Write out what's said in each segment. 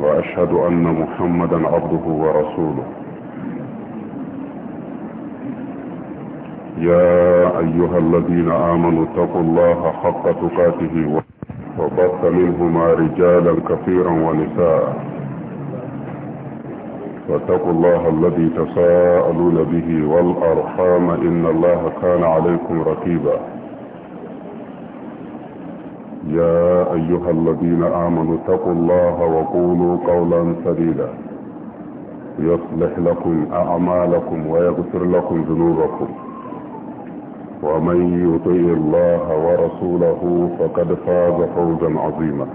وأشهد أن محمدا عبده ورسوله يا أيها الذين آمنوا اتقوا الله حق تقاته وبط منهما رجالا كثيرا ونساء واتقوا الله الذي تساءلون به والأرحام إن الله كان عليكم رقيبا يا ايها الذين امنوا اتقوا الله وقولوا قولا سديدا يصلح لكم اعمالكم ويغفر لكم ذنوبكم ومن يطيع الله ورسوله فقد فاز فوزا عظيما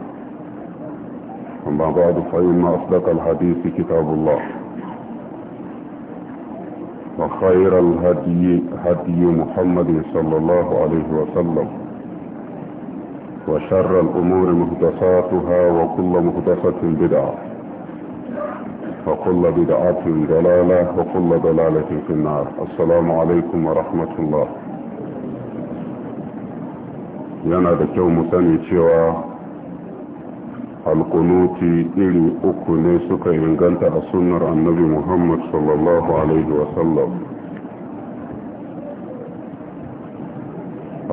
اما بعد فان اصدق الحديث كتاب الله وخير الهدي هدي محمد صلى الله عليه وسلم وشر الأمور مهدساتها وكل مهدسة بدعة وكل بدعة دلالة وكل دلالة في النار السلام عليكم ورحمة الله يانا دكو مساني تيوى القنوط إلي أكو نيسك إن قلت أسنر النبي محمد صلى الله عليه وسلم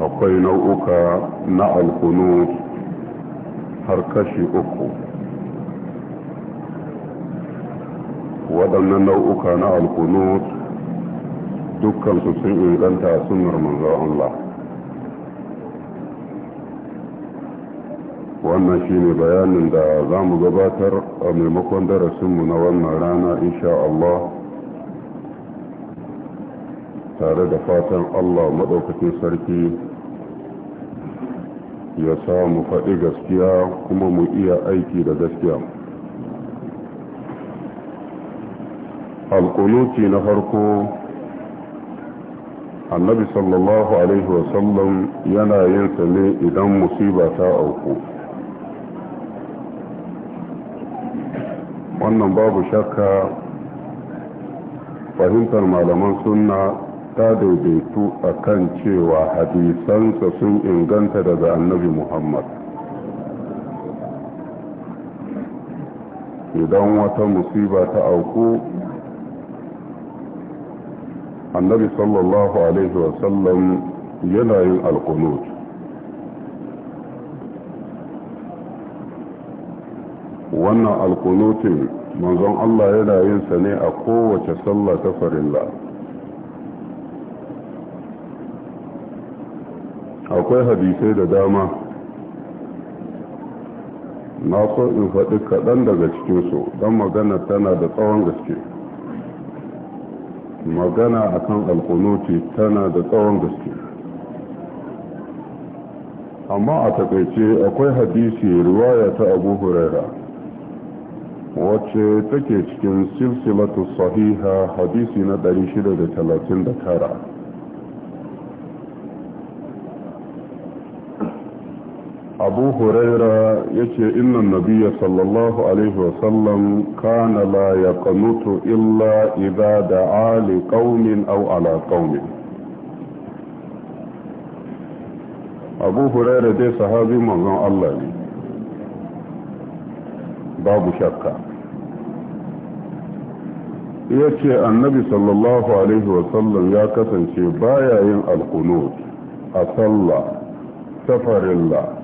akwai nau'uka na alkunu har kashi uku waɗannan nau'uka na alkunu dukkansu sun inganta sunar manzon Allah wannan shine bayanin da za mu gabatar a maimakon darasinmu na wannan rana insha Allah tare da fatan Allah maɗaukacin sarki ya sa mu faɗi gaskiya kuma mu iya aiki da gaskiya alkunuti na farko annabi sallallahu alaihi wasallam yana yin ne idan musiba ta auku wannan babu shakka fahimtar malaman sunna ta daidaitu a kan cewa hadisansa sun inganta daga annabi muhammad idan wata musiba ta auku annabi sallallahu alaihi wasallam yana yin alkunut wannan alkunutin manzon allah yana yin sa ne a kowace sallah ta farin la'a. akwai hadisai da dama na so in faɗi kaɗan daga cikinsu don magana tana da tsawon gaske magana kan alkunuti tana da tsawon gaske amma a takaice akwai hadisi riwaya ta abu huraira wacce take cikin silsilatu sahiha hadisi na 639 abu huraira ya ce innan nabiya sallallahu alaihi wasallam kana la ya kanutu illa iza, da li qaumin au ala qaumin abu huraira dai sahabi manzon Allah ne babu shakka ya ce annabi sallallahu alaihi wasallam ya kasance baya yin alkunut a sallah safarilla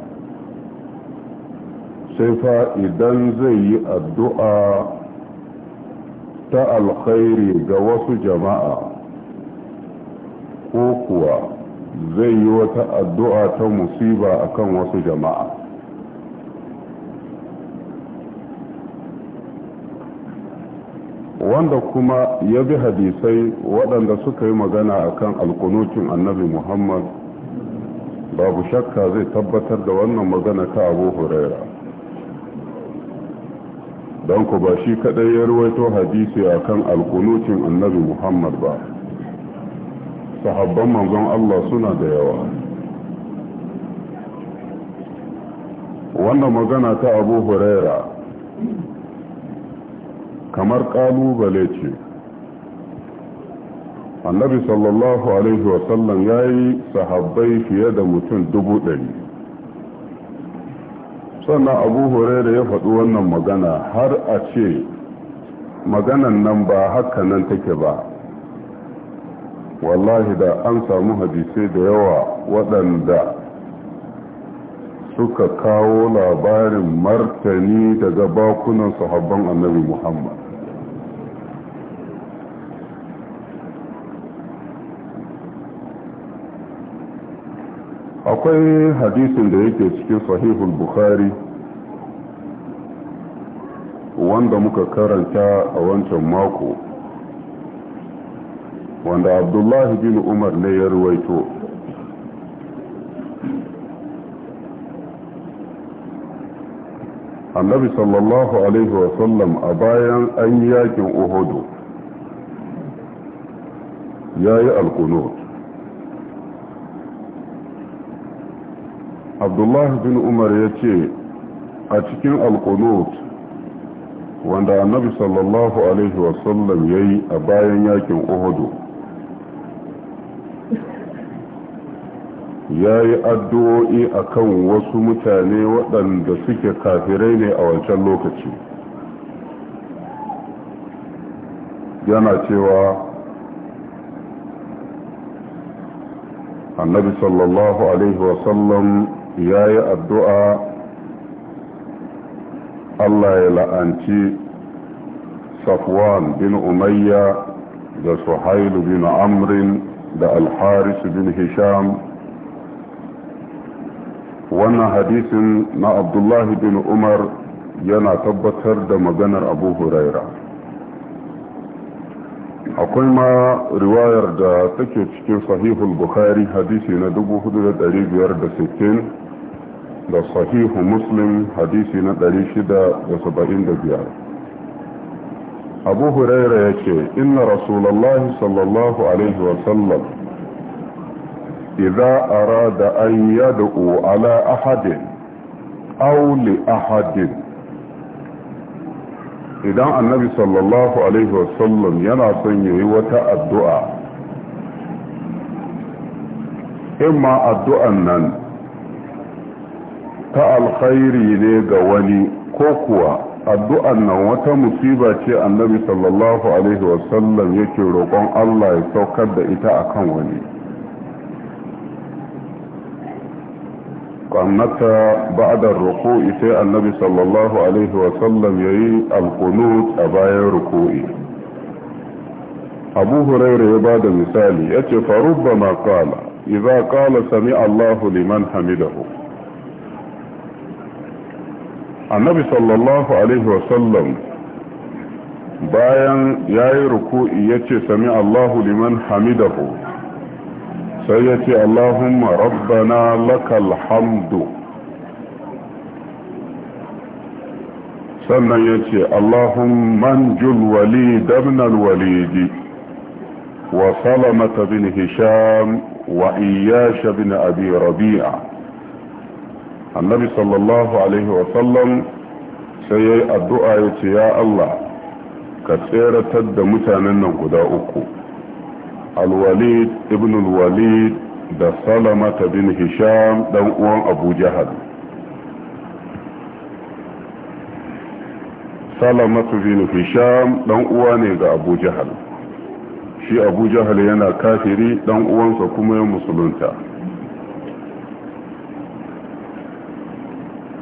sai fa idan zai yi addu'a ta alkhairi ga wasu jama'a ko kuwa zai yi wata addu'a ta musiba akan wasu jama'a wanda kuma ya bi hadisai waɗanda suka yi magana akan alkunutun annabi muhammad babu shakka zai tabbatar da wannan magana ta abu huraira don ku ba shi kadai ya ruwaito hadisi a kan alkunucin annabi muhammad ba sahabban manzon allah suna da yawa wannan magana ta abu huraira kamar kalubale ce annabi sallallahu alaihi wasallam ya yi sahabbai fiye da mutum dubu ɗari sannan abu da ya faɗi wannan magana har a ce maganan nan ba haka nan take ba wallahi da an samu hadisai da yawa waɗanda suka kawo labarin martani daga bakunan sahabban annabi muhammad akwai hadisin da yake cikin sahihul bukhari wanda muka karanta a wancan mako wanda abdullahi bin umar ne ya ruwaito annabi sallallahu alaihi wasallam a bayan an yakin uhudu ya yi alkunut abdullahi bin umar ya ce a cikin alkunut wanda annabi sallallahu alaihi wasallam ya yi a bayan yakin uhudu ya yi addu'o'i a kan wasu mutane waɗanda suke kafirai ne a wancan lokaci yana cewa annabi sallallahu alaihi wasallam ya yi addu'a Allah ya la'anci Safwan bin Umayya da Suhailu bin Amrin da Alharis bin Hisham wannan hadisin na Abdullahi bin Umar yana tabbatar da maganar Abu Huraira akwai ma riwayar da take cikin sahihul Bukhari hadisi na 4560 da sahihu muslim hadisi na 675 abu huraira ya ce inna rasulallah sallallahu alaihi wasallam idza arada an yad'u ala ahadin aw li ahadin idan annabi sallallahu alaihi wasallam yana son yayi wata addu'a In ma addu'an nan ta alkhairi ne ga wani ko kuwa addu'an nan wata musiba ce annabi sallallahu alaihi wasallam yake roƙon Allah ya saukar da ita akan wani ƙannata ba'da ruku'i sai annabi sallallahu alaihi wasallam ya yi a bayan ruku'i abu huraira ya ba da misali ya ce farubba ma kala iza kala sami allahu liman hamidahu annabi sallallahu alaihi wasallam bayan ya yi ruku'i ya ce sami allahu liman hamidahu sai ya ce allahumma rabbana lakal hamdu sannan ya ce allahumman jul walid ibn al-walidi wa salamata bin hisham wa iyash bin abi rabi'a annabi sallallahu alaihi wasallam sai ya yi addu'a ya ce ya Allah ka tseratar da mutanen nan guda uku alwalid ibn alwalid da salamata bin hisham dan uwan abu jahal salamatu bin hisham dan uwa ne ga abu jahal shi abu jahal yana kafiri dan uwansa kuma ya musulunta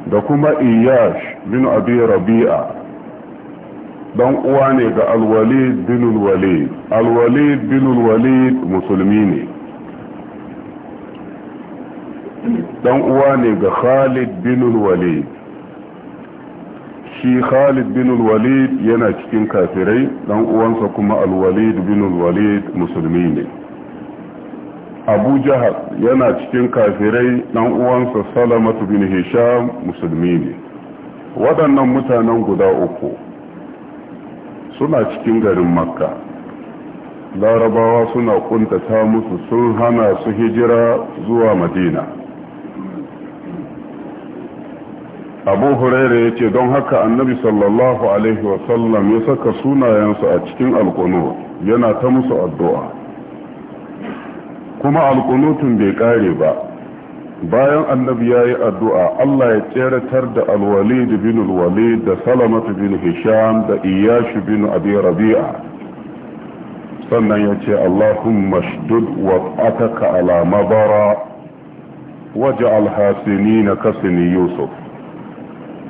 da kuma iyash bin abi rabi'a dan uwa ne ga alwalid bin alwalid alwalid bin alwalid musulmi ne dan uwa ne ga khalid bin alwalid shi khalid bin alwalid yana cikin kafirai dan uwansa kuma alwalid bin alwalid musulmi ne abu jahal yana cikin kafirai ɗan uwansa salamatu bin hisham musulmi ne waɗannan mutanen guda uku suna cikin garin makka larabawa suna kuntata musu sun hana su hijira zuwa madina abu hurairu ya ce don haka annabi sallallahu alaihi wasallam ya saka sunayensu a cikin alkunu yana ta musu addu'a kuma alkunutun bai ƙare ba bayan annabi ya yi addu'a Allah ya tseratar da alwalid bin alwalid da salamatu bin hisham da iyashi bin abi rabi'a sannan ya ce Allahumma shdud wat'ataka ala mabara waj'al na kasini yusuf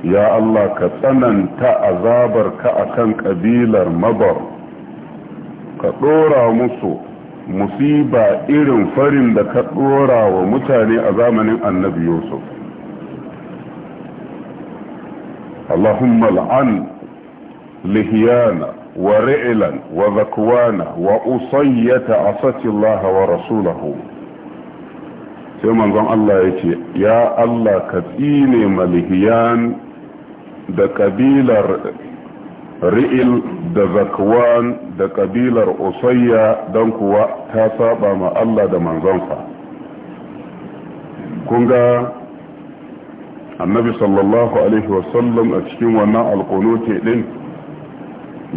ya Allah ka tsananta azabarka akan kabilar mabar ka ɗora musu musiba irin farin da ka ɗora wa mutane a zamanin annabi yusuf allahumma la'an lihiyana wa ri'ilan wa zakwana wa usayyata asatillaha wa rasulahu sai manzon Allah ya ce ya Allah ka tsine ma malihiyan da kabilar ri'il da zakwan da kabilar usayya don kuwa ta saba ma Allah da manzonsa kun ga annabi sallallahu alaihi wasallam a cikin wannan alkunuti din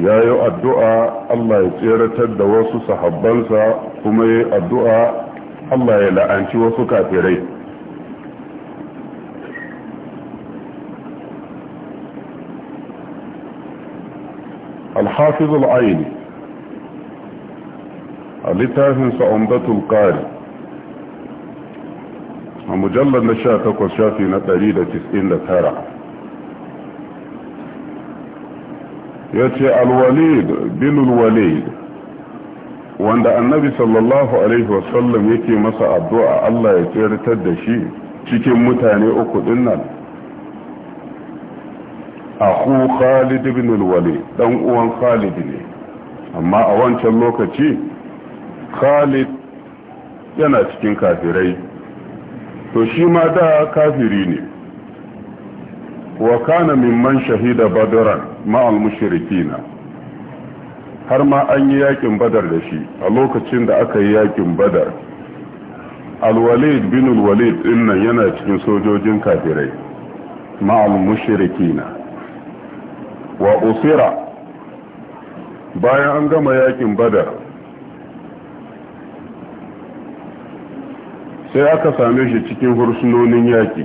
ya yi addu'a Allah ya tseratar da wasu sahabbansa kuma ya yi addu'a Allah ya la'anci wasu kafirai الحافظ العيني لتاهن سعمدة القاري ومجلد نشاتك وشافي نتريد تسئن تارع يتي الوليد بن الوليد وعند النبي صلى الله عليه وسلم يتي مسا الدعاء الله يتي ارتد شيء متاني اكد انه aku khalid ibn al-walid dan uwan khalid ne amma a wancan lokaci khalid yana cikin kafirai to shi ma da kafiri ne wa kana mimman shahida badran ma'al mushrikina har ma an yi yakin badar da shi a lokacin da aka yi yakin badar alwalid bin alwalid dinnan yana cikin sojojin kafirai ma'al mushrikina wa usira bayan an gama yakin badar sai aka same shi cikin hursunonin yaki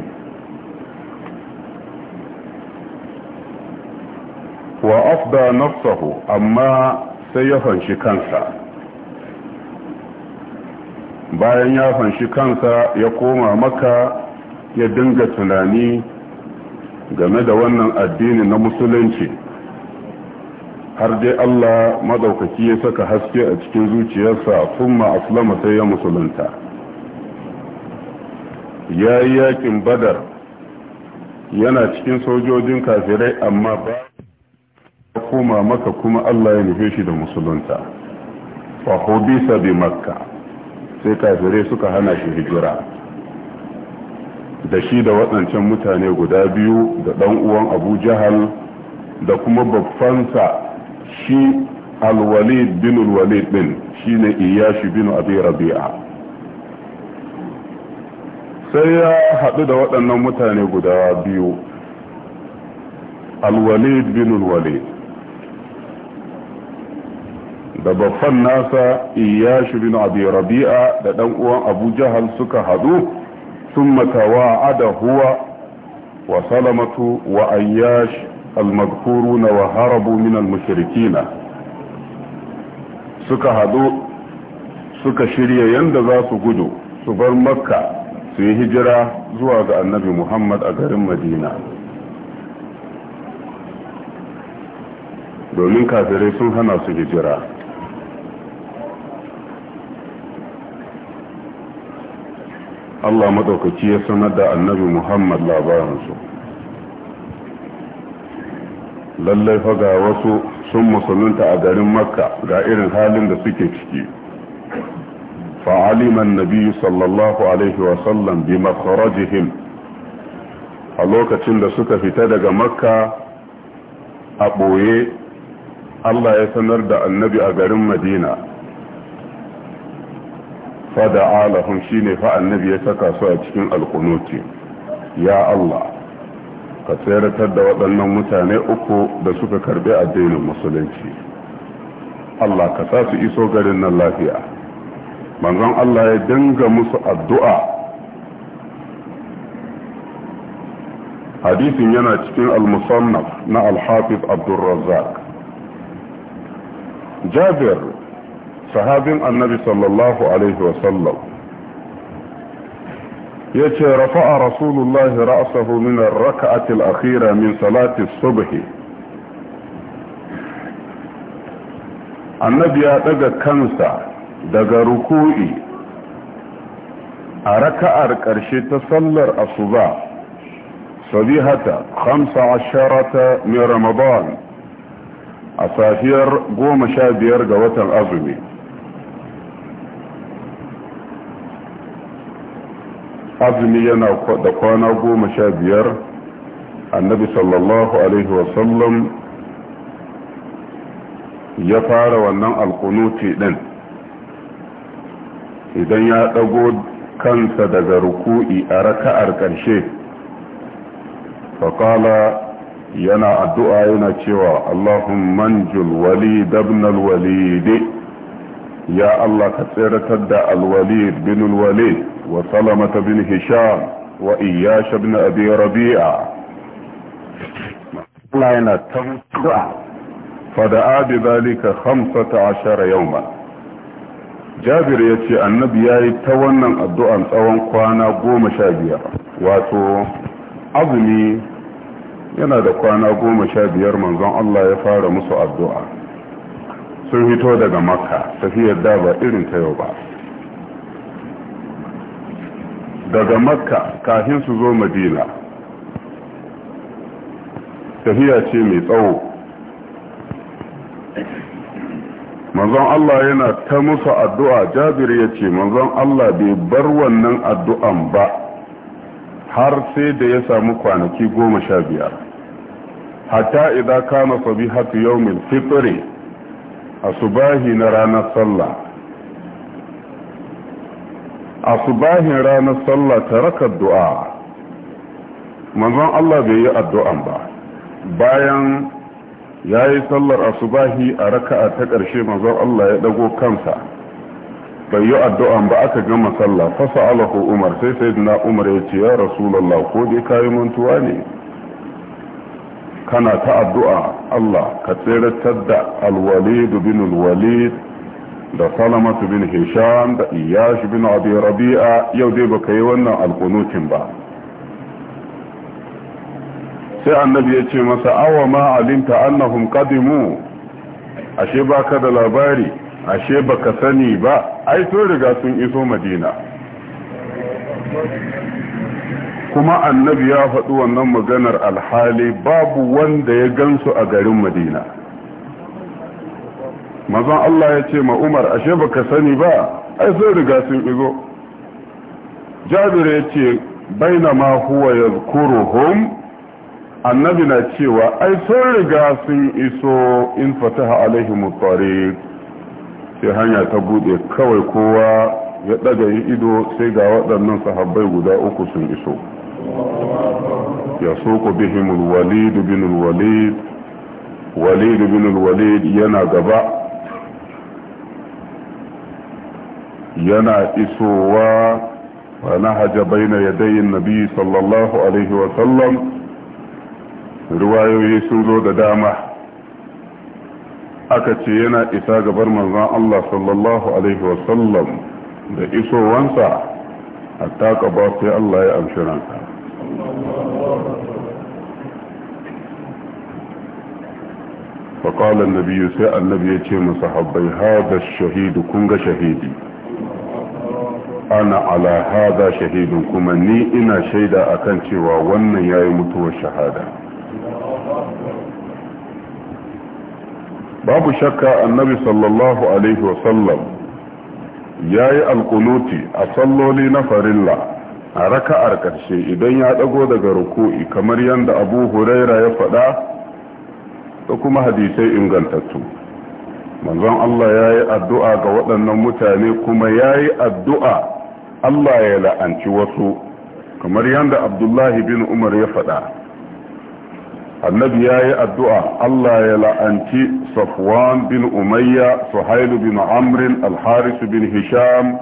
wa afda nafsahu amma sai ya fanshi kansa bayan ya fanshi kansa ya koma maka ya dinga tunani game da wannan addini na musulunci har dai Allah madaukaki ya saka haske a cikin zuciyarsa kuma aslama sai ya musulunta ya yi yakin badar yana cikin sojojin kafirai amma ba koma maka kuma Allah ya nufe shi da musulunta fa bisa bi makka sai kafirai suka hana shi hijira da shi da waɗancan mutane guda biyu da ɗan uwan abu jahal da kuma babbansa shi alwalid bin alwalid din shine iyashi bin abi rabi'a sai ya haɗu da waɗannan mutane guda biyu alwalid bin alwalid da babban nasa iyashi bin abi rabi'a da ɗan uwan abu jahal suka haɗu sun matawa ada huwa wa salamatu wa ayyashi. المذكورون وهربوا من المشركين suka hadu suka shirya yanda za su gudu su bar makka su yi hijira zuwa ga annabi muhammad a garin madina domin kafirai sun hana su hijira Allah maɗaukaki ya sanar da annabi Muhammad labaransu lallai fa ga wasu sun musulunta a garin makka ga irin halin da suke ciki fa'aliman nabi sallallahu alaihi wasallam bi makarajihim a lokacin da suka fita daga makka a ɓoye allah ya sanar da annabi a garin madina fada alahun shine fa annabi ya saka su a cikin alkunuci, ya allah ka tseratar da waɗannan mutane uku da suka karbi addinin musulunci Allah ka sa su iso garin nan lafiya manzon Allah ya dinga musu addu'a hadisin yana cikin al-musannaf na al-hafiz abdurrazzaq jabir sahabin annabi sallallahu alaihi يتي رفع رسول الله رأسه من الركعة الأخيرة من صلاة الصبح النبي أدقى كمسة دقى ركوئي أركع الكرشيت صلر أصباء صبيحة خمس عشرة من رمضان أصافير قوم شابير قوة الأظمي azumi yana da kwana goma sha biyar annabi sallallahu alaihi wasallam ya fara wannan alkunuti din idan ya dago kansa daga ruku'i a raka'ar ƙarshe faƙala yana addu'a yana cewa allahumman julwali dabnal walide ya allah ka tseratar da alwali binul وسلمة بن هشام وإياش بن أبي ربيعة لنا تنسع فدعا بذلك خمسة عشر يوما جابر يتي النبي ياي الدعاء tsawon kwana goma sha biyar wato azumi yana da kwana goma sha biyar manzon Allah ya fara musu addu'a sun hito daga makka tafiyar da ba irin ta yau ba daga makka kafin su zo madina tafiya ce mai tsawo manzon Allah yana ta musu addu'a jabir ya ce manzon Allah bai bar wannan addu'an ba har sai da ya samu kwanaki goma sha biyar hatta idan kama sabi hatu yau mil fitri a na ranar sallah a subahin ranar sallah ta raka du'a manzon Allah bai yi addu'an ba bayan ya yi sallar asubahi a raka'a ta ƙarshe manzon Allah ya ɗago kansa bai yi addu'an ba aka gama sallah fasa alahu umar sai sai na umar ya ce ya rasulallah ko dai kayi mantuwa ne kana ta addu'a Allah ka tseratar da alwalidu bin alwalid da salamatu bin hisham da iyash bin abi rabi'a yau dai baka yi wannan alkunutin ba sai annabi ya ce masa awa ma alimta annahum qadimu ashe baka da labari ashe baka sani ba ai sun riga sun iso madina kuma annabi ya faɗi wannan maganar alhali babu wanda ya gansu a garin madina mazan Allah ya ce ma umar ashe baka sani ba ai sai riga sun izo jabir ya ce baina ma huwa yazkuruhum annabi na cewa ai sun riga sun iso in fataha alaihim tariq sai hanya ta bude kawai kowa ya daga yi ido sai ga waɗannan sahabbai guda uku sun iso ya soko bihimul walid bin walid walid bin walid yana gaba yana isowa wa nahaja baina yadayin nabi sallallahu alaihi wasallam riwayoyi sun zo da dama aka ce yana isa gabar manzan Allah sallallahu alaihi wasallam da isowansa a taka ba sai Allah ya amshi ranka فقال النبي سأل النبي يتيم صحابي هذا الشهيد كنغ shahidi. ana ala hada shahidun kuma ni ina shaida akan cewa wannan yayi mutuwar shahada babu shakka annabi sallallahu alaihi wasallam yayi alkunuti a salloli na farilla a raka'ar karshe idan ya dago daga ruku'i kamar yadda abu huraira ya faɗa da kuma hadisai ingantattu manzon Allah ya yi addu'a ga waɗannan mutane kuma ya yi addu'a Allah ya la'anci wasu kamar yadda Abdullahi bin Umar ya faɗa annabi ya yi addu'a Allah ya la'anci Safwan bin Umayya Suhailu bin Amrin Alharisu bin Hisham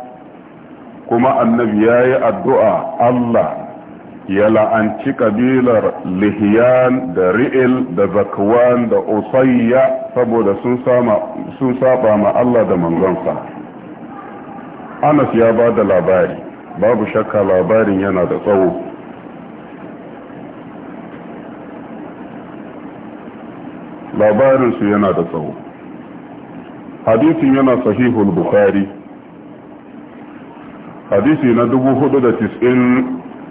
kuma annabi ya yi addu'a Allah ya la'anci kabilar lihiyan da ri'il da zakwan da usayya saboda sun saba ma Allah da manzonsa anas ya ba da labari babu shakka labarin yana da tsawo labarinsu yana da tsawo hadisin yana sahihul bukhari hadisi na 490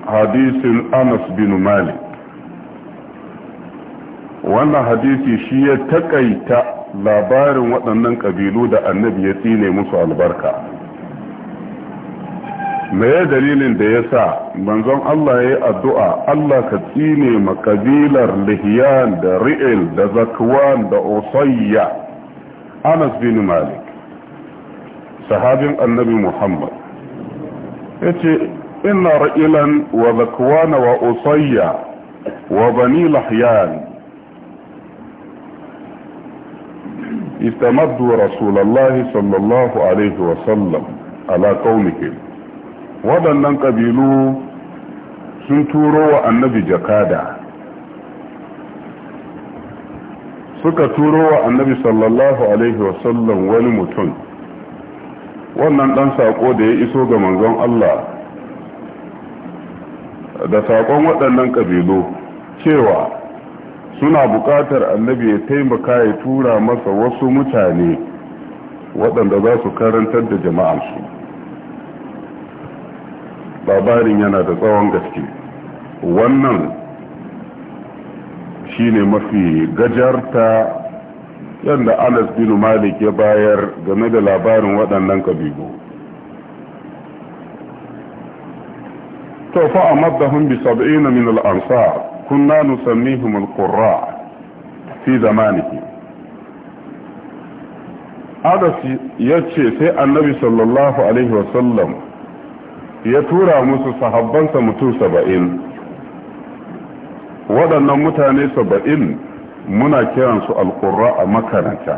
hadisin anas bin malik wannan hadisi shi ya takaita labarin waɗannan ƙabilu da annabi ya tsine musu albarka me dalilin da ya sa manzon Allah ya yi addu'a Allah ka tsine ma kabilar lihiyan da ri'il da zakwan da osayya anas bin malik sahabin annabi muhammad ya ce ina ra'ilan wa zakwana wa osayya wa bani lahiyan istamaddu rasulallah sallallahu alaihi wasallam ala kaunihim waɗannan ƙabilu sun turo wa annabi jakada suka turo wa annabi sallallahu alaihi wasallam wani mutum wannan ɗan saƙo da ya iso ga manzon Allah da saƙon waɗannan ƙabilu cewa suna buƙatar annabi ya taimaka ya tura masa wasu mutane waɗanda za su karantar da jama'arsu labarin yana da tsawon gaske wannan shine mafi gajarta yadda anas bin malik ya bayar game da labarin waɗannan kabilu to fa amaddahum bi 70 min al kunna nusammihim al-qurra fi zamanihi ya yace sai annabi sallallahu alaihi wasallam ya tura musu sahabbansa mutum saba'in waɗannan mutane saba'in muna kiransu alƙurra a makaranta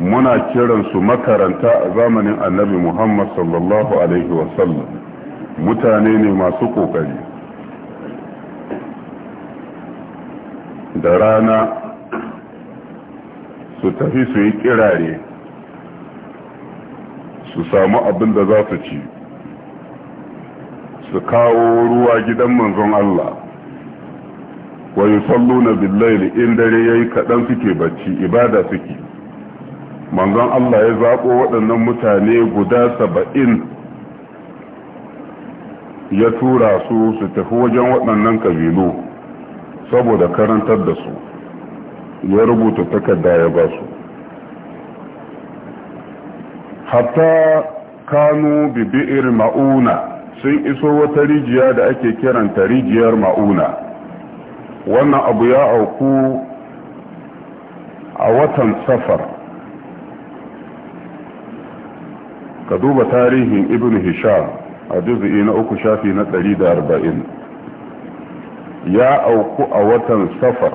muna kiransu makaranta a zamanin annabi muhammad sallallahu alaihi wasallam mutane ne masu ƙoƙari da rana su tafi su yi kirare su samu abin da za su ci su kawo ruwa gidan manzon Allah wa yusalluna billaili in dare yayi kaɗan suke bacci ibada suke manzon Allah ya zabo waɗannan mutane guda saba'in ya tura su su tafi wajen waɗannan kabilu saboda karantar da su ya rubuta takarda ya ba su hatta kanu bi bi'ir ma'una sun iso wata rijiya da ake kiranta rijiyar ma'una wannan abu ya auku a watan safar ka duba tarihin ibn hisham a juzi'i na uku shafi na 140 ya auku a watan safar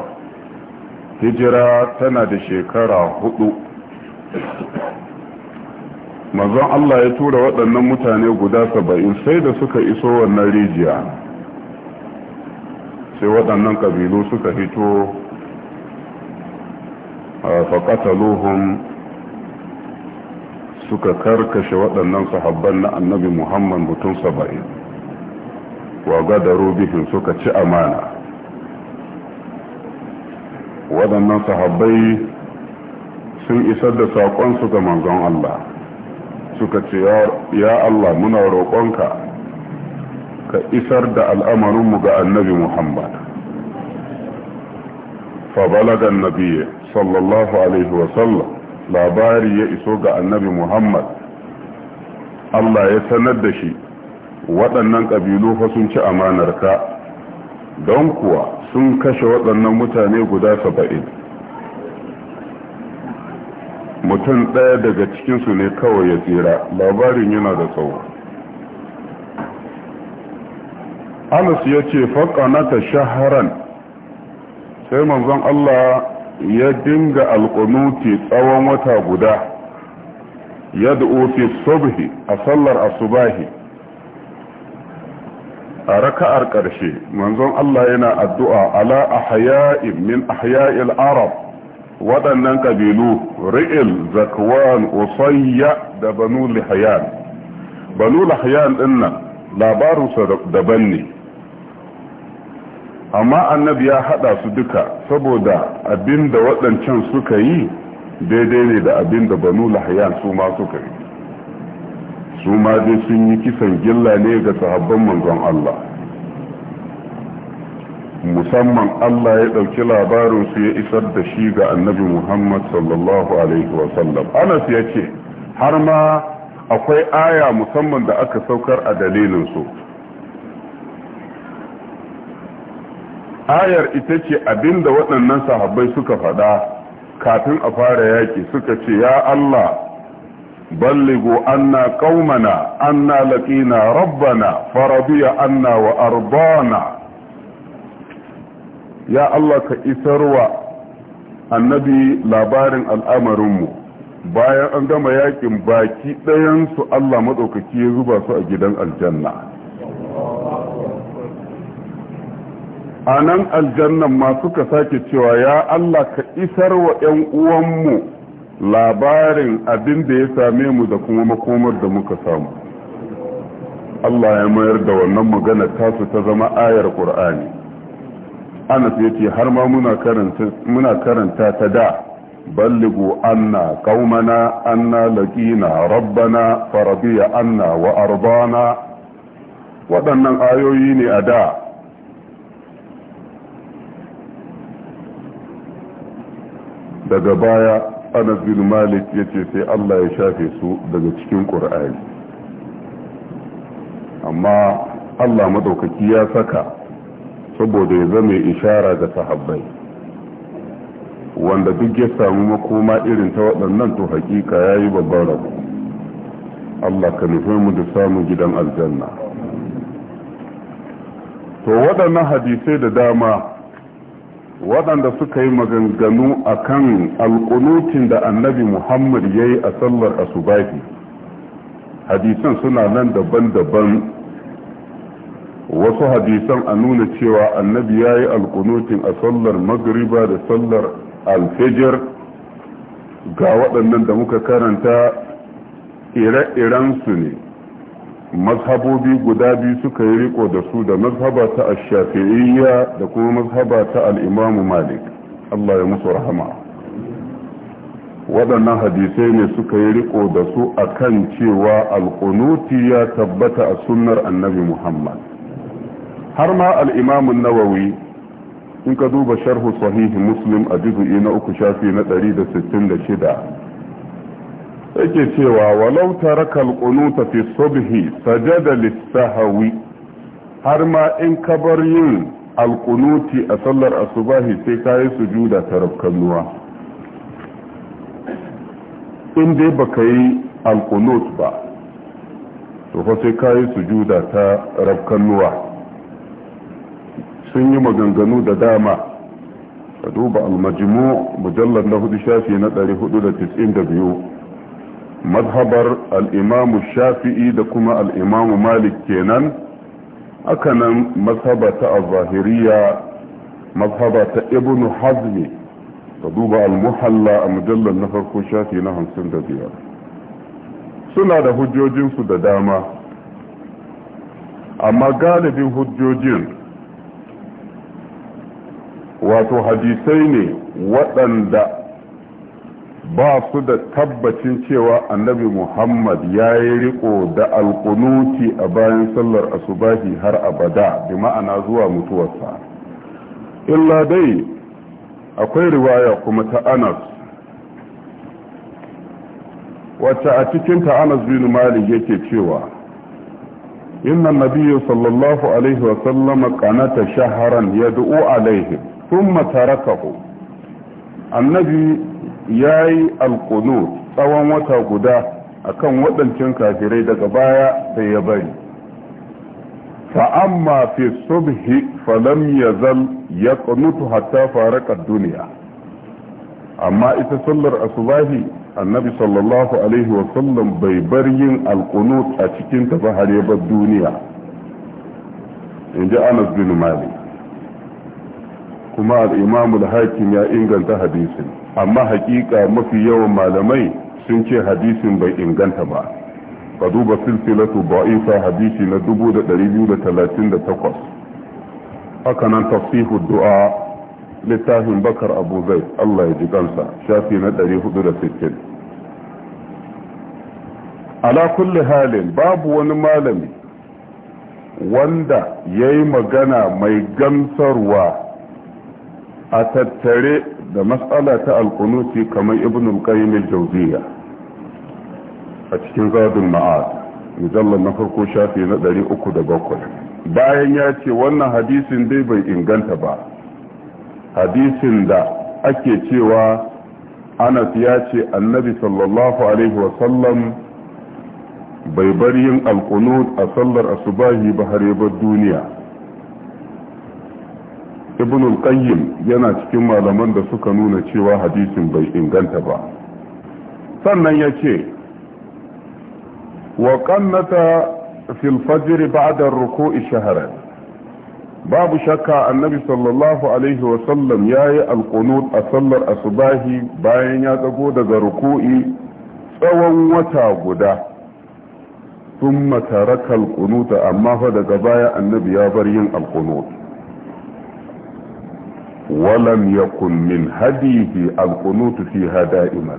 hijira tana da shekara hudu manzon Allah ya tura waɗannan mutane guda saba'in sai da suka iso wannan rijiya sai waɗannan ƙabilu suka fito faƙataluhun suka karkashe waɗannan sahabban na annabi muhammad mutum saba'in wa gadaru bihin suka ci amana waɗannan sahabbai sun isar da saƙonsu ga manzon Allah suka ce ya Allah muna roƙonka ka isar da al'amarinmu ga annabi Muhammad fabalagan nabiye sallallahu alaihi wasallam labari ya iso ga annabi Muhammad Allah ya sanar da shi waɗannan ƙabilu fa sun ci amanarka don kuwa sun kashe waɗannan mutane guda saba'in mutum ɗaya daga cikinsu ne kawai ya tsira labarin yana da tsawo anas ya ce ta shaharan sai manzon Allah ya dinga alƙunuti tsawon wata guda ya fi subhi a sallar asubahi a raka'ar ƙarshe manzon Allah yana addu'a ala ahya'in min ahya'il arab waɗannan ƙabilu ri'il zakwan usayya da banu lihayan banu lihayan dinnan nan labarinsa daban ne amma annabi ya haɗa su duka saboda abin da waɗancan suka yi daidai ne da abin da banu lihayan su ma suka yi su ma dai sun yi kisan gilla ne ga sahabban manzon Allah musamman Allah ya ɗauki labarin su ya isar da shi ga annabi Muhammad sallallahu Alaihi sallam Anas ya ce, har ma akwai aya musamman da aka saukar a dalilinsu. Ayar ita ce abinda waɗannan sahabbai suka faɗa kafin a fara yaƙi suka ce, Ya Allah, balligo anna qaumana anna laqina rabbana faradiya anna wa arbana. ya Allah ka isarwa annabi labarin al'amarinmu bayan an gama yakin baki ɗayansu Allah maɗaukaki ya zuba su a gidan aljanna a nan aljannan ma suka sake cewa ya Allah ka isarwa 'yan uwanmu labarin abin da ya same mu da kuma makomar da muka samu Allah ya mayar da wannan magana tasu ta zama ayar ƙur'ani anas ya ce har ma muna karanta ta da balligu anna kaumana anna laqina rabbana farabiya anna wa arbana waɗannan ayoyi ne a da daga baya anas bin malik ya ce sai allah ya shafe su daga cikin ƙur'ani amma allah maɗaukaki ya saka saboda ya zama ishara ga sahabbai wanda duk ya samu makoma irin ta waɗannan to hakika ya yi babban rabu Allah ka nufi mu da samun gidan aljanna to waɗannan hadisai da dama waɗanda suka yi maganganu a kan alƙunutin da annabi muhammad ya yi a sallar asubahi hadisan suna nan daban-daban wasu hadisan a nuna cewa annabi ya yi alkunutin a sallar magriba da sallar alfijir ga waɗannan da muka karanta ire-irensu ne mazhabobi guda biyu suka yi riko da su da mazhaba ta ashafi'iyya da kuma mazhaba ta al'imamu malik Allah ya musu rahama waɗannan hadisai ne suka yi riko da su kan cewa alkunuti ya tabbata a sunnar annabi muhammad har ma al'imamun nawawi in ka duba sharhu sahihi muslim a juzu'i na uku shafi na 166 yake cewa walau taraka alqunuta fi subhi sajada lis-sahwi har ma in ka bar yin alqunuti a sallar asubahi sai kai sujuda tarabkannuwa in dai baka yi alqunut ba to fa sai kai sujuda ta rabkanuwa sun yi maganganu da dama ka duba almajimu mujallar na hudu shafi na 492 mazhabar al'imamu shafi'i da kuma al'imamu malik kenan hakanan mazhaba ta al-zahiriya mazhaba ta ibn hazmi ka duba al-muhalla a mujallar na farko shafi na 55 suna da hujjojinsu da dama amma galibin hujjojin wato hadisai ne waɗanda ba su da tabbacin cewa annabi muhammad ya yi riko da alkunuti a bayan sallar asubahi har abada bi ma'ana zuwa mutuwarsa illa dai akwai riwaya kuma ta anas wacce a cikin ta anas bin malik yake cewa inna nabiyyu sallallahu alaihi wasallama kanata shaharan ya du'u alaihim thumma tarakahu annabi yayi alqunut tsawon wata guda a kan waɗancan kafirai daga baya sai ya bari fa'amma fi subhi falam ya zal ya ƙunutu hatta farakar duniya amma ita sallar asubahi annabi sallallahu alaihi sallam bai bar yin alkunut a cikin tafi har ya bar duniya in ji anas bin malik kuma al'imamul da hakim ya inganta hadisin amma hakika mafi yawan malamai sun ce hadisin bai inganta ba ka duba silsilatu isa hadisi na 2238 haka nan tafsihu du'a littafin bakar abu zai Allah ya ji kansa shafi na 460 ala kulli halin babu wani malami wanda ya yi magana mai gamsarwa a tattare da matsala ta alkunuti kamar ibn al-qayyim al a cikin zadun ma'ad mujallar na farko shafi na 307 bayan ya ce wannan hadisin dai bai inganta ba hadisin da ake cewa anas ya ce annabi sallallahu alaihi sallam bai bar yin alkunut a sallar asubahi ba har yabar duniya ibnul qayyim yana cikin malaman da suka nuna cewa hadisin bai inganta ba sannan ya ce wa qannata fil fajr ba'da ruku'i shahran babu shakka annabi sallallahu alaihi wa sallam yayi alqunut a sallar asubahi bayan ya tsago daga ruku'i tsawon wata guda ثم ترك القنوت أما baya annabi النبي bar yin القنوت ولم يكن من هديه القنوت فيها دائما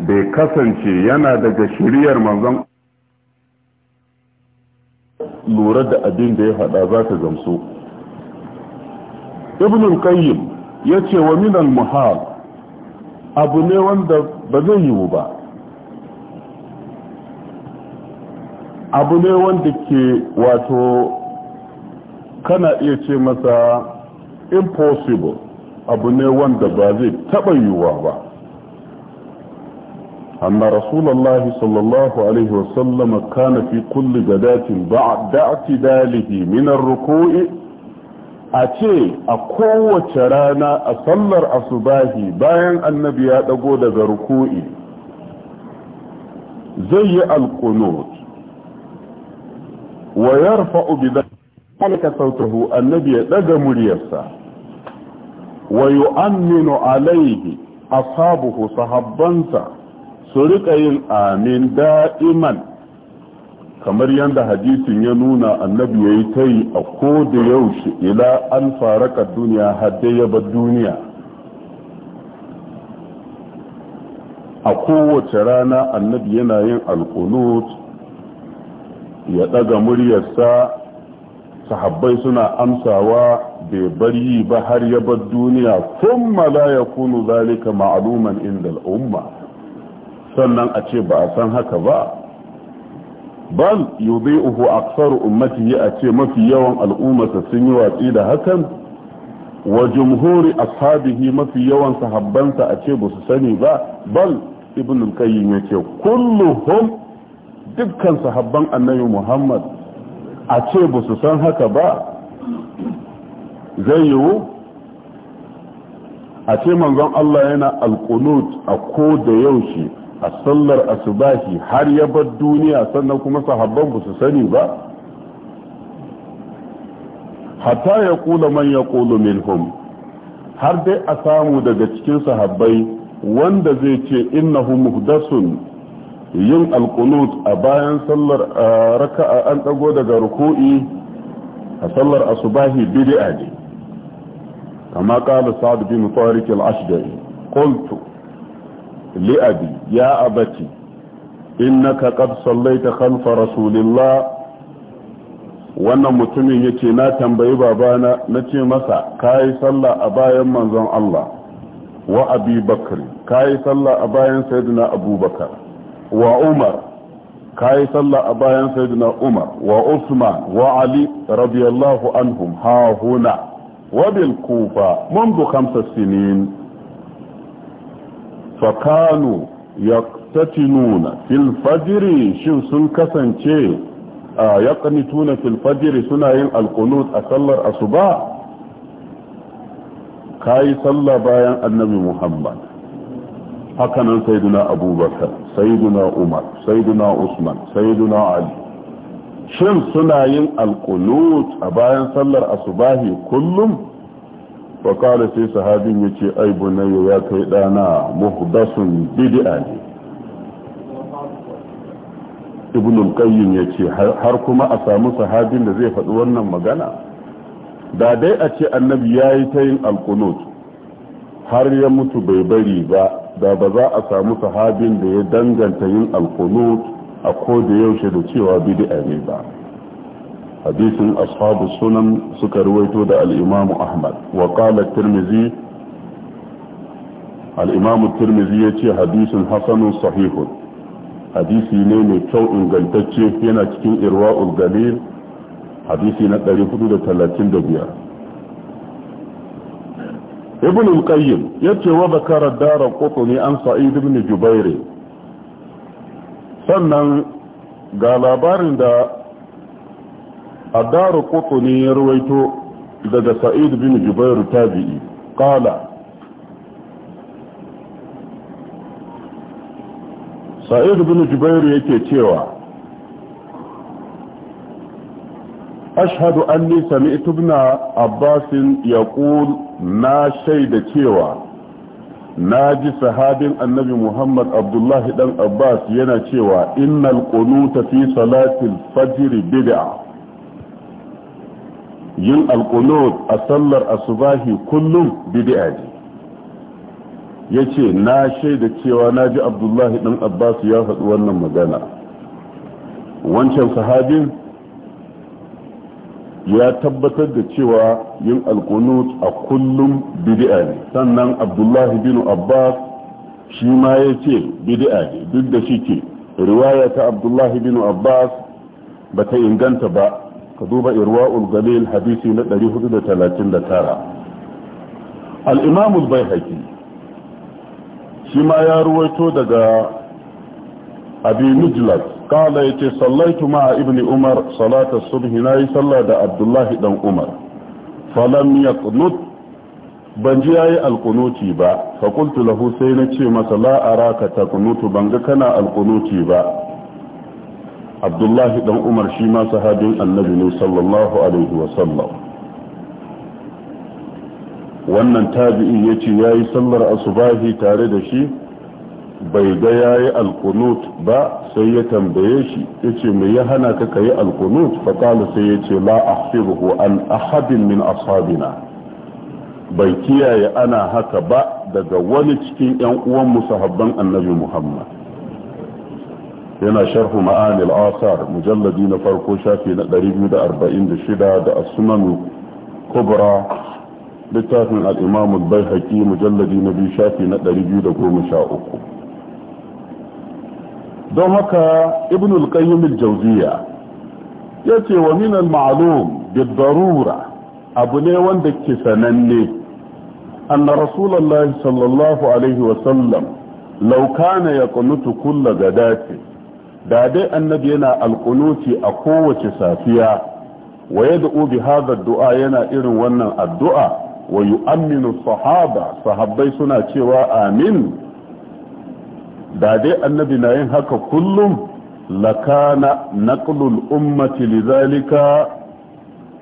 bai kasance yana daga shiriyar manzon lura da abin da ya faɗa za ka gamsu ibn al-qayyim yace wa min al-muhal abu ne wanda ba zai yiwu ba abu ne wanda ke wato kana iya ce masa impossible abu ne wanda ba zai taɓa yiwuwa ba anna rasulullahi sallallahu alaihi wasallam kana fi kulli gadatin ba'da dalihi min ar-ruku'i a ce a kowace rana a sallar asubahi bayan annabi ya dago daga ruku'i zai yi alqunut wa yarfa'u bi dhalika sautahu annabi ya daga muryarsa wa yu'minu alaihi ashabuhu sahabbansa su rika yin amin da'iman kamar yadda hadisin ya nuna annabi yayi tayi a ko da yaushe ila an faraka duniya dai ya bar duniya a kowace rana annabi yana yin alkunut ya daga muryarsa sahabbai suna amsawa bai bari ba har ya bar duniya kuma la kunu zalika ma'luman inda al'umma sannan a ce ba a san haka ba bal yudhi'uhu aksaru ummatihi a ce mafi yawan al'ummarsa sun yi watsi da hakan wa jumhuri ashabihi mafi yawan sahabbansa a ce ba su sani ba bal ibn al-qayyim yace kulluhum dukkan sahabban annabi Muhammad a ce ba su san haka ba zai yiwu a ce manzon Allah yana alkunut a ko da yaushe a sallar asubahi har ya bar duniya sannan kuma sahabban ba su sani ba hatta ya kula man ya kula minhum har dai a samu daga cikin sahabbai wanda zai ce innahu muhdasun yin alkunut a bayan sallar raka'a an dago daga ruku'i a sallar asubahi bid'a ne kama qala sa'd bin tariq al-ashdari qultu li abi ya abati innaka qad sallaita khalfa rasulillah wannan mutumin yake na tambayi babana nace masa kayi sallah a bayan manzon Allah wa abi bakr sallah a bayan sayyidina abubakar wa umar ka yi sallah a bayan sayyidina umar wa usman wa ali radiyallahu anhu ha huna wa bil kufa mun bu sinin fa kanu yaqtatinuna fil fajri shin sun kasance a yaqnituna fil fajri suna yin al a sallar asuba kai sallah bayan annabi muhammad hakanan sayyiduna abubakar sayyiduna umar sayyiduna usman sayyiduna ali shin suna yin alqunut a bayan sallar asubahi kullum wa qala sai sahabin yace ai bunayya ya kai dana muhdasun bid'a ne ibn al-qayyim yace har kuma a samu sahabin da zai faɗi wannan magana da dai a ce annabi yayi ta yin alkunut har ya mutu bai bari ba da ba za a samu sahabin da ya danganta yin alkunut a koda yaushe da cewa bid'a ne ba hadisin ashabu sunan suka ruwaito da al'imamu imamu ahmad wa qala tirmizi al-imamu hadisin hasanun sahihun hadisi ne mai kyau ingantacce yana cikin irwa'ul galil hadisi na 435 ibn al-qayyim yace wa zakara darar qutni an sa'id ibn jubair sannan ga labarin da a adar qutni ya ruwaito daga sa'id ibn jubair tabi'i qala sa'id ibn jubair yake cewa ashhadu anni sami'tu ibn abbas yaqul na shaida cewa na ji sahabin annabi muhammad abdullahi dan abbas yana cewa innal qunuta fi salatil fajr bid'a yin alkunut a sallar asubahi kullum bid'a ne yace na shaida cewa na ji abdullahi dan abbas ya faɗi wannan magana wancan sahabin ya tabbatar da cewa yin alkunut a kullum bid'a ne sannan abdullahi bin abbas shi ma ya ce bid'a ne duk da shi ke riwaya ta abdullahi bin abbas ba ta inganta ba ka duba irwa'ul galil hadisi na 439 al-imamul baihaqi shi ma ya ruwaito daga abi mujlas قال يتي صليت مع ابن عمر صلاة الصبح ناي صلى دا عبد الله دان عمر فلم يقنط بنجي اي القنوتي با فقلت له سي نتي مسا لا اراك تقنط بنجا كنا القنوتي با عبد الله دان عمر شيما صحابي النبي صلى الله عليه وسلم wannan tabi'in yace yayi sallar asubahi tare da shi bai ga ya yi alkunut ba sai ya tambaye shi ya ce mai ya hana ka ka yi alkunut fatalu sai ya ce la ahsibuhu an ahadin min ashabina bai kiyaye ana haka ba daga wani cikin yan uwan musahabban annabi muhammad yana sharhu ma'ani al'asar mujalladi na farko shafi na 246 da as kubra littafin al bai al mujalladi na biyu shafi na 213 don haka ibn al-qayyim al-jawziya yace wa min al-ma'lum bid-darura abu ne wanda ke sananne anna rasulullahi sallallahu alaihi wa sallam law kana yaqnutu kullu gadati da dai annabi yana alqunuti a kowace safiya wa yad'u bi hadha ad-du'a yana irin wannan addu'a wa yu'minu sahaba sahabbai suna cewa amin da dai annabi na yin haka kullum lakana naqlul ummati lidhalika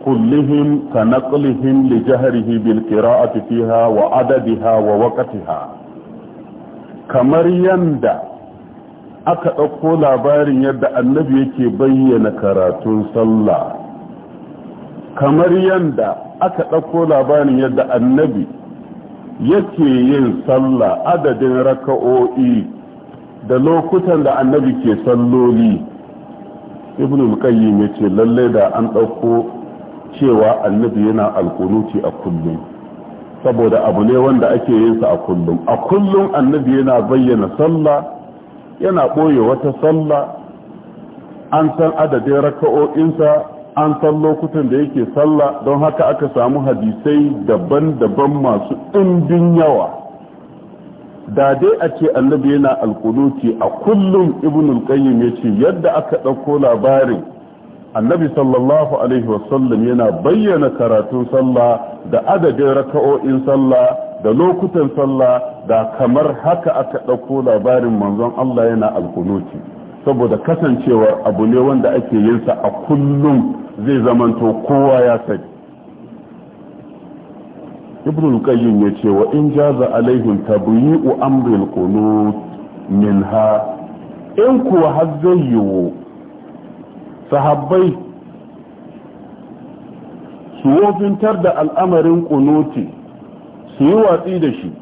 kullihim ka naqlihim li jahrihi bil qira'ati fiha wa adadiha wa waqtiha kamar yanda aka ɗauko labarin yadda annabi yake bayyana karatun sallah kamar yanda aka ɗauko labarin yadda annabi yake yin sallah adadin raka'o'i da lokutan da annabi ke salloli ibn al-qayyim yace lalle da an dauko cewa annabi yana alkunuti a kullum saboda abu ne wanda ake yin sa a kullum a kullum annabi yana bayyana sallah yana boye wata sallah an san adadin raka'o'insa an san lokutan da yake sallah don haka aka samu hadisai daban-daban masu ɗimbin yawa da dai a ce annabi yana alkunuti a kullum al qayyim yace yadda aka ɗauko labarin annabi sallallahu alaihi wasallam yana bayyana karatun sallah da adadin raka'o'in sallah da lokutan sallah da kamar haka aka ɗauko labarin manzon Allah yana alkunuti saboda kasancewar abu ne wanda ake yinsa a kullum zai zamanto kowa ya sani ibn al ya yace wa in jaza alaihim tabyi'u amri al-qunut minha in kuwa har zai yiwu sahabbai su wofintar da al'amarin kunuti su yi watsi da shi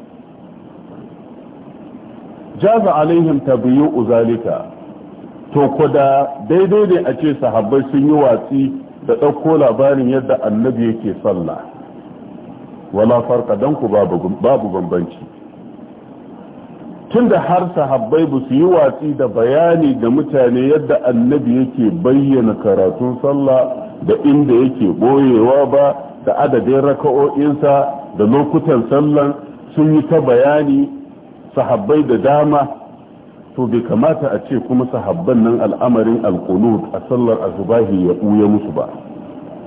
jaza alaihim tabiyu uzalika to kuda daidai ne a ce sahabbai sun yi watsi da ɗauko labarin yadda annabi yake sallah wala farka dan ku babu bambanci tunda har sahabbai ba su yi watsi da bayani ga mutane yadda annabi yake bayyana karatun sallah da inda yake boyewa ba da adadin raka'o'insa da lokutan sallan sun yi ta bayani sahabbai da dama to bai kamata a ce kuma sahabban nan al'amarin alkunut a sallar azubahi ya ɓuya musu ba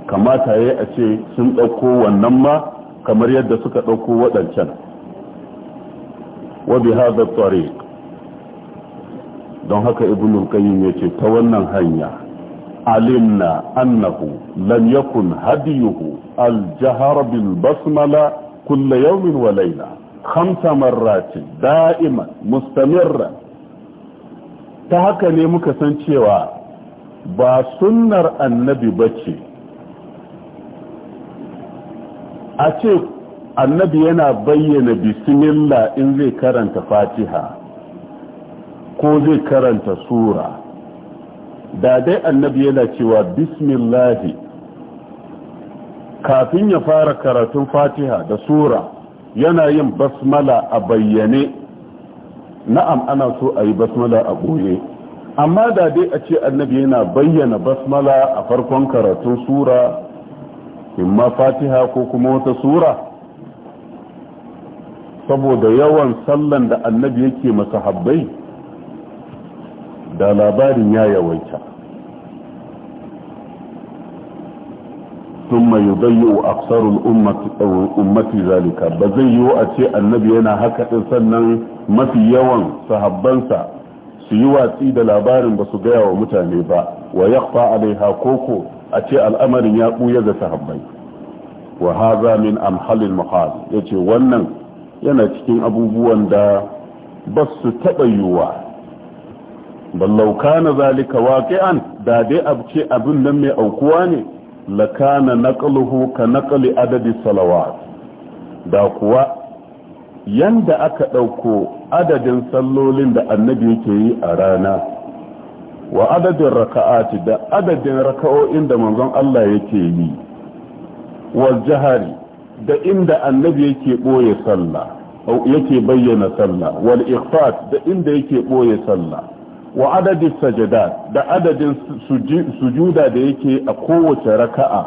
kamata ya a ce sun ɗauko wannan ma kamar yadda suka ɗauko waɗancan wabi haɗa don haka ibnu qayyim yace ce ta wannan hanya alimna annahu lam yakun hadiyuhu aljahar bil basmala kulla yawmin wa layla khamsa marratin da'iman mustamirra ta haka ne muka san cewa ba sunnar annabi bace a ce annabi yana bayyana bismillah in zai karanta fatiha ko zai karanta sura da dai annabi yana cewa bismillahi kafin ya fara karatun fatiha da sura yana yin basmala a bayyane na'am ana so a yi basmala a goye amma da dai a ce annabi yana bayyana basmala a farkon karatun sura imma fatiha ko kuma wata sura saboda yawan sallan da annabi yake masahabbai da labarin ya yawaita ثم يضيع أكثر الأمة أو أمة ذلك بزيو أتي النبي أنا هكذا سنن ما في يوم سهبنسا سيواتي دا لابارن بسجايا ومتاني با ويقطع عليها كوكو a ce al'amarin ya ɓuya ga sahabbai wa haza min amhalil muhal yace wannan yana cikin abubuwan da ba su taɓa yiwuwa ballauka na zalika an da dai ce abin nan mai aukuwa ne lakana naqluhu ka naƙali adadi salawa da kuwa yanda aka ɗauko adadin sallolin da annabi yake yi a rana wa adadin raka'ati da adadin raka'o'in da manzon Allah yake yi wa jahari da inda annabi yake boye sallah yake bayyana sallah wal ikhfat da inda yake boye sallah wa adadin sajadat da adadin sujuda da yake a kowace raka'a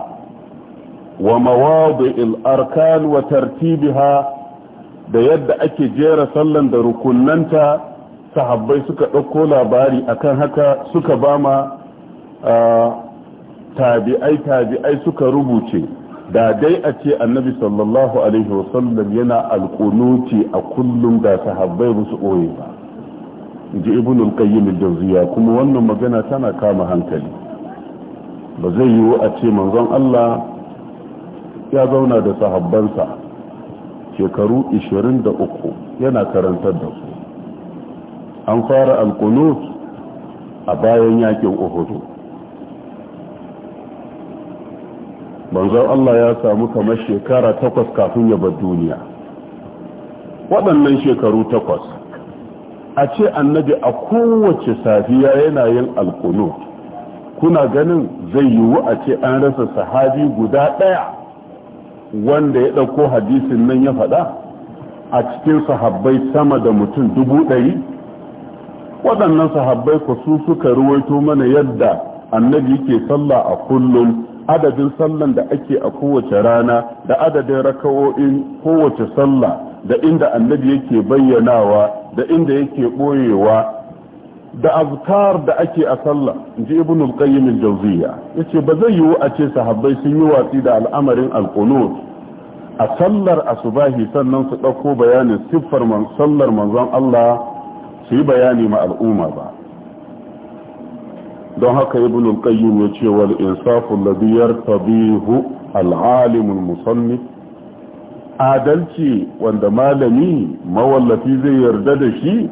wa mawadi'il arkan wa tartibiha da yadda ake jera sallan da rukunnanta sahabbai suka ɗauko labari akan haka suka ba ma tabi'ai tabi'ai suka rubuce da dai a ce annabi sallallahu alaihi wasallam yana alƙunuti a kullum da sahabbai ba su ɓoye ba ji ibn al-qayyim jawziya kuma wannan magana tana kama hankali ba zai yiwu a ce manzon Allah ya zauna da sahabbansa shekaru 23 yana karantar da su an fara alkunut a bayan yakin uhudu banzan Allah ya samu kamar shekara takwas kafin ya bar duniya waɗannan shekaru takwas a ce annabi a kowace safiya yana yin alkunut kuna ganin zai yiwu a ce an rasa sahabi guda ɗaya wanda ya ɗauko hadisin nan ya faɗa a cikin sahabbai sama da mutum dubu ɗari waɗannan sahabbai ku su suka ruwaito mana yadda annabi yake sallah a kullum adadin sallan da ake a kowace rana da adadin rakawo'in kowace sallah da inda annabi yake bayyanawa da inda yake ɓoyewa da azkar da ake a sallah inji ibn al-qayyim al-jawziya yace ba zai yiwu a ce sahabbai sun yi watsi da al'amarin al-qunut a sallar asubahi sannan su dauko bayanin siffar man sallar manzon Allah su yi bayani ma al'umma ba don haka ibn al-qayyim ya ce wal insafu alladhi yartabihu al-alim al-musannif adalci wanda malami mawallafi zai yarda da shi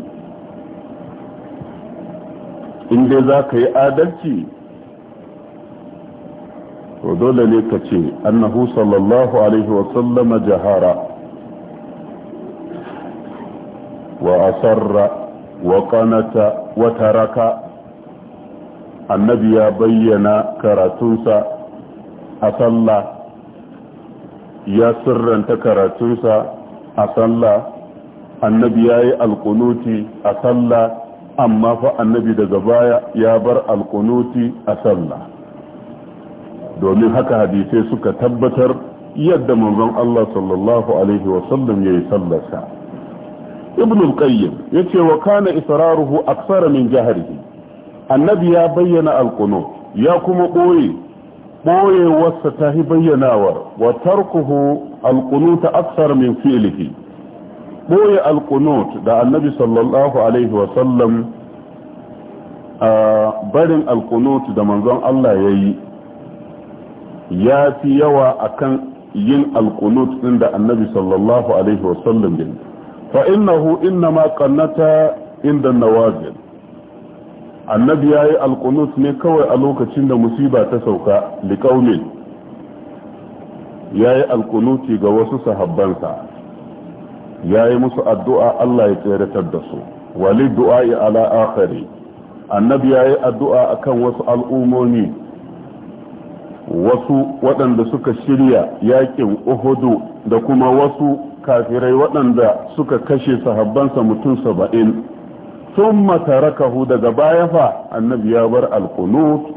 in dai za ka yi adalci to dole ne ka ce annahu sallallahu alaihi wasallama jahara wa asarra wa wata raka annabi ya bayyana karatunsa a sallah ya sirranta karatunsa a sallah annabi ya yi alkunuti a sallah amma fa annabi daga baya ya bar alkunuti a sallah domin haka hadisai suka tabbatar yadda manzon Allah sallallahu alaihi wasallam ya yi sallarsa ibn al-qayyim yace wa kana israruhu aksara min jahrihi annabi ya bayyana al-qunut ya kuma boye boyewarsa ta hi bayyanawar wa tarkuhu al-qunut aksara min fi'lihi boye al-qunut da annabi sallallahu alaihi wa sallam barin al-qunut da manzon Allah yayi ya fi yawa akan yin al-qunut din da annabi sallallahu alaihi wa sallam din فإنه إنما قنت عند النوازل annabi ya yi alkunus ne kawai a lokacin da musiba ta sauka liqaumin ya yi alkunuti ga wasu sahabbansa ya yi musu addu'a Allah ya tseratar da su wali du'a'i ala akhari annabi ya yi addu'a akan wasu al'umomi wasu waɗanda suka shirya yakin uhudu da kuma wasu kafirai waɗanda suka kashe sahabbansa mutum saba'in sun matarakahu daga baya fa annabi ya bar alkunut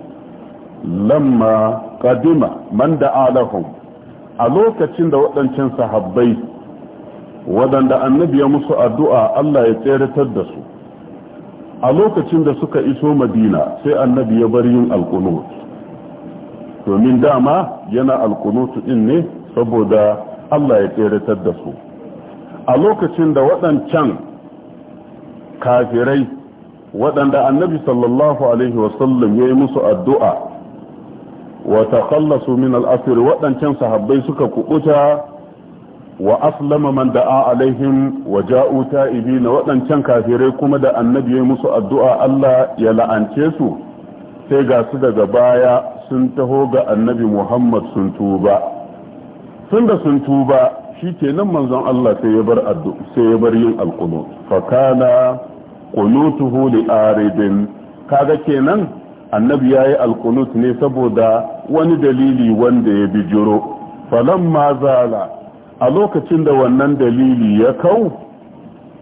lamma kadima man da alahum a lokacin da waɗancan sahabbai waɗanda annabi ya musu addu'a Allah ya tseratar da su a lokacin da suka iso madina sai annabi ya bar yin alkunut domin dama yana alkunutu din ne saboda Allah ya tseratar da su a lokacin da waɗancan kafirai waɗanda annabi sallallahu alaihi wasallam ya yi musu addu'a wa takallasu min al'afir waɗancan sahabbai suka kuɓuta wa aslama man da'a alaihim wa ja'u ta'ibi na waɗancan kafirai kuma da annabi ya musu addu'a Allah ya la'ance su sai ga su daga baya sun taho ga annabi Muhammad sun tuba tun da sun tuba shi kenan manzon Allah sai ya bar addu sai ya bar yin alqunut fa kana li aridin kaga kenan annabi yayi alqunut ne saboda wani dalili wanda ya bijiro falamma zala a lokacin da wannan dalili ya kau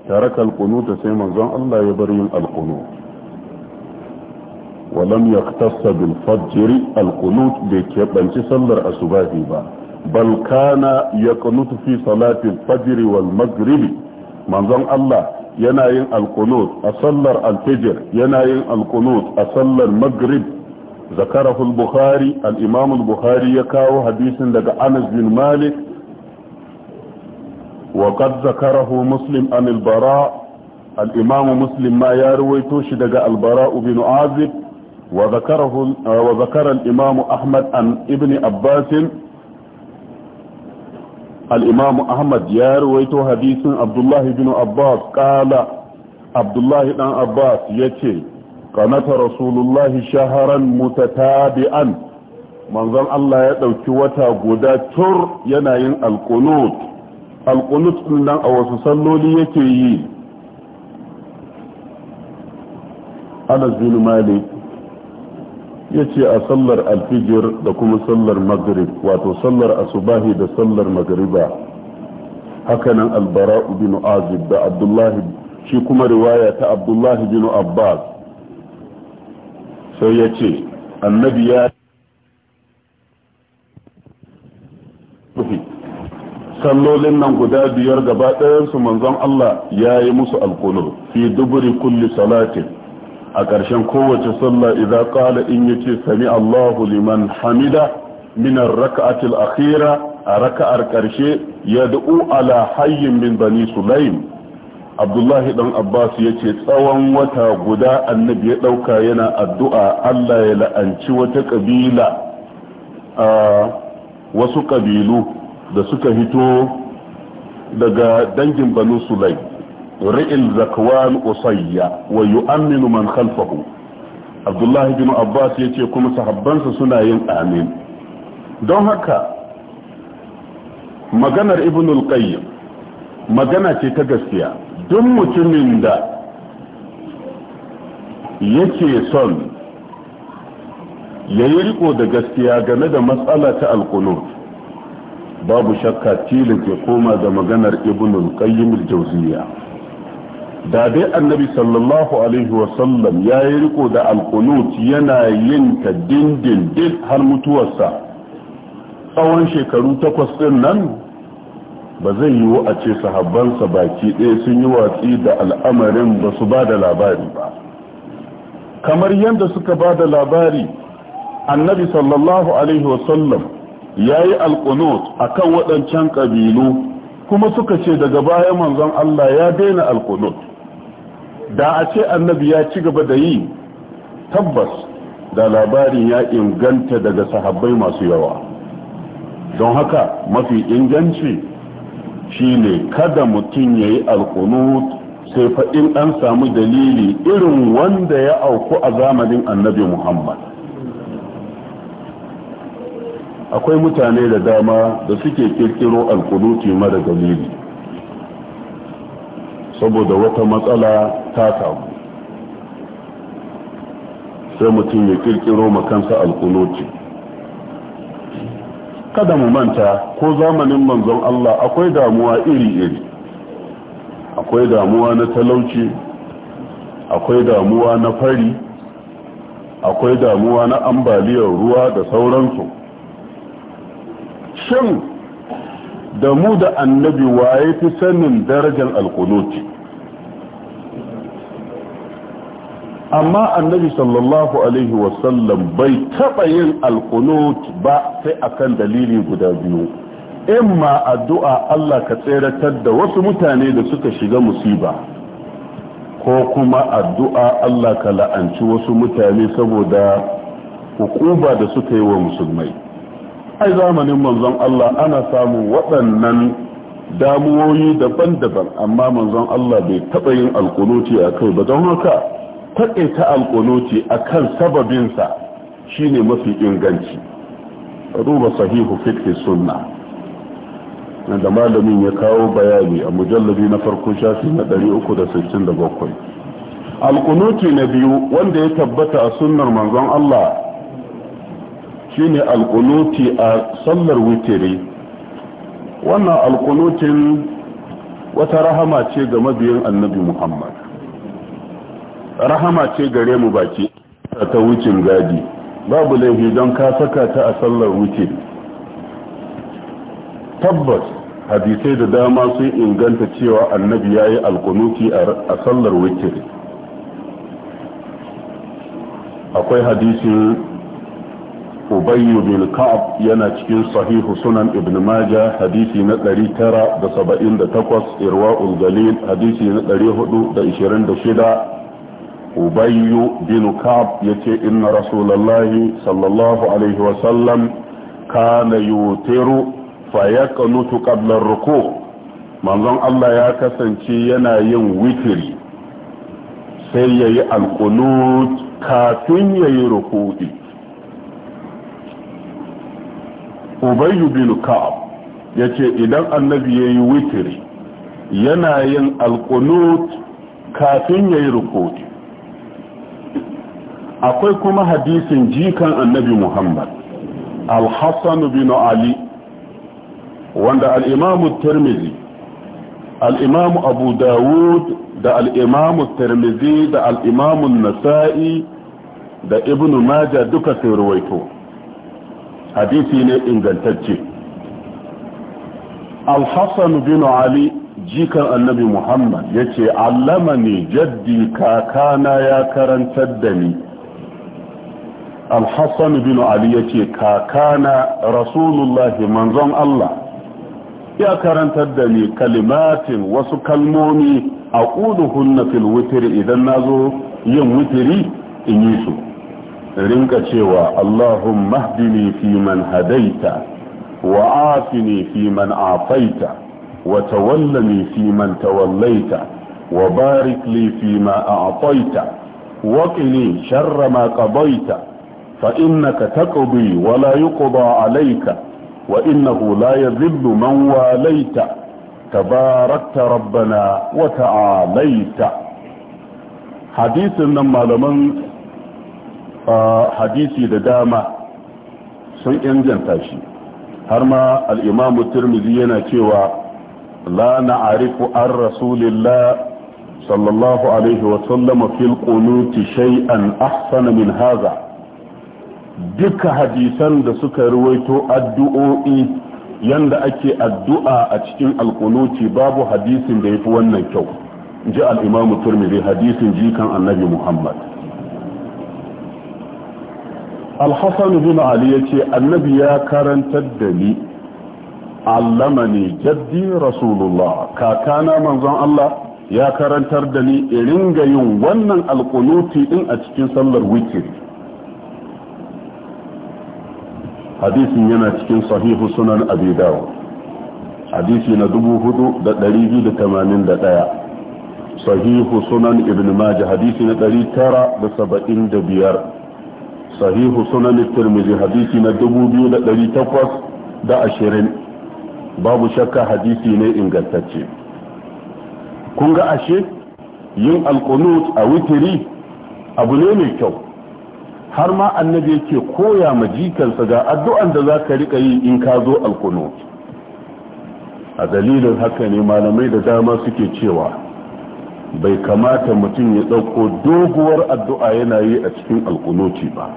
taraka alqunuta sai manzon Allah ya bar yin alqunut fajiri يختص بالفجر القنوت بكبنش sallar أسبابي با بل كان يقنط في صلاة الفجر والمغرب من ظن الله ينائن القنوط أصلر الفجر ينائن القنوط أصلر المغرب ذكره البخاري الإمام البخاري يكاو حديث لك أنس بن مالك وقد ذكره مسلم عن البراء الإمام مسلم ما يرويتوش لك البراء بن عازب وذكره وذكر الإمام أحمد عن ابن أباس الإمام أحمد يرويت حديث عبد الله بن عباس قال عبد الله بن عباس يتي قنات رسول الله شهرا متتابعا منظر الله يدوك وتاقودا تر يناين القنوط القنوط لنا أو سسلوا لي يتي أنس بن مالك ya ce a sallar alfijir da kuma sallar maghrib wato sallar asubahi da sallar magriba hakanan albara bin azib da abdullahi shi kuma riwaya ta abdullahi bin abbas sai ya ce annabi ya sallolin nan guda biyar gaba ɗayansu manzon Allah ya yi musu alkunur fi duburi kulli salatin a ƙarshen kowace sallah idan ƙala in yace sami Allahu liman hamida minar raka'atul akhira a raka'ar ƙarshe ya da'u ala hayyin min bani sulaim abdullahi dan abbas ya ce tsawon wata guda annabi ya ɗauka yana addu'a allah ya la'anci wata ƙabila a wasu ƙabilu da suka hito daga dangin banu sulaim ri'il usayya, أصيّا ويؤمن من خلفه Abdullahi الله Abbas ya yace kuma sahabbansa suna yin amin don haka maganar ibn al-qayyim magana ce ta gaskiya duk mutumin da yake son yayi riko da gaskiya game da matsala ta al-qunut babu shakka tilin ke koma da maganar ibn al-qayyim al-jawziyya da dai annabi sallallahu alaihi wasallam ya yi riko da alkunut yana yin ta dindindin har mutuwarsa tsawon shekaru takwas din nan ba zai yiwu a ce sahabbansa baki ɗaya sun yi watsi da al'amarin ba su ba da labari ba kamar yadda suka ba da labari annabi sallallahu alaihi wasallam ya yi alkunut a kan waɗancan ƙabilu kuma suka ce daga baya manzon Allah ya daina alkunut da a ce annabi ya ci gaba da yi tabbas da labarin ya inganta daga sahabbai masu yawa don haka mafi inganci shine kada mutum ya yi alkunut sai faɗin an samu dalili irin wanda ya auku a zamanin annabi muhammad akwai mutane da dama da suke kirkiro alkunuti mara dalili saboda wata matsala ta samu sai mutum ya kirkiro makansa alkuloti kada mu manta ko zamanin manzon Allah akwai damuwa iri-iri akwai damuwa na talauci akwai damuwa na fari akwai damuwa na ambaliyar ruwa da sauransu shin da mu da annabi waye fi sanin darajar alkunuti amma annabi sallallahu alaihi wasallam bai taɓa yin alkunut ba sai akan dalili guda biyu imma addu'a Allah ka tseratar da wasu mutane da suka shiga musiba ko kuma addu'a Allah ka la'anci wasu mutane saboda hukuba da suka yi wa musulmai ai zamanin manzon Allah ana samun waɗannan damuwoyi daban-daban amma manzon Allah bai taɓa yin alkunuti a kai ba don haka taƙaita alkunuti a kan sababinsa shine mafi inganci duba sahihu fiqh sunna da malamin ya kawo bayani a mujallabi na farko shafi na 367 alkunuti na biyu wanda ya tabbata a sunnar manzon Allah shine alkunuti a sallar witiri wannan alkunutin wata rahama ce ga mabiyin annabi muhammad rahama ce gare mu baki ta wucin gadi babu laifi don ka saka ta a sallar witiri tabbas hadisai da dama sun inganta cewa annabi ya yi alkunuti a sallar witiri akwai hadisin ubayyu bin ka'ab yana cikin sahihu sunan ibn maja hadisi na 978 irwa'ul galil hadisi na 426 ubayyu bin ka'ab yace inna rasulullahi sallallahu alaihi wa sallam kana yutiru fa yaqnutu qabla ruku manzon Allah ya kasance yana yin witri sai yayi alqunut kafin yayi ruku'i ubayyu bin ka'ab yace idan annabi yayi witri yana yin alqunut kafin yayi ruku'i akwai kuma hadisin jikan annabi Muhammad al-Hassan bin Ali wanda al-Imam tirmizi al-Imam Abu Dawud da al-Imam Tirmidhi da al-Imam Nasa'i da Ibn Maja duka sai ruwaito hadisi ne ingantacce al-hassan bin ali jikan annabi muhammad ya ce allama ne jaddi kakana ya karantar da ni al-hassan bin ali ya ce kakana rasulullahi manzon allah ya karantar da ni kalimatin wasu kalmomi a ƙuduhun na filwitir idan na zo yin witiri in yi su rinka cewa Allahumma hdini fi man hadaita wa afini fi man afaita wa tawallani fi man tawallaita wa barik li fi ma a'taita wa qini sharra ma qadaita fa innaka taqdi wa la yuqda alayka wa innahu la yadhillu man walaita tabarakta rabbana wa ta'alaita hadisin nan malaman hadisi da dama sun inganta shi har ma al'imamu turmizi yana cewa la na'arifu an rasulillah sallallahu alaihi sallama fil qunuti shay'an ahsana min haza duka hadisan da suka ruwaito addu'o'i yanda ake addu'a a cikin alkunuti babu hadisin da ya fi wannan kyau ji al'imamu turmizi hadisin jikan annabi muhammad alhassan bin ali ya ce annabi ya karantar da ni allamani jaddi rasulullah kakana manzon Allah ya karantar da ni irin ga yin wannan alkunuti din a cikin sallar wikir hadisin yana cikin sahihu sunan abi dawud hadisi na 4281 sahihu sunan ibn majah hadisi na 975 sahihu sunan tirmidhi hadisi na 2820 babu shakka hadisi ne ingantacce kun ga ashe yin alqunut a witiri abu ne mai kyau har ma annabi yake koya ma jikansa ga addu'an da za ka riƙa yi in ka zo alqunut a dalilin haka ne malamai da dama suke cewa bai kamata mutum ya ɗauko doguwar addu'a yana yi a cikin alkunoci ba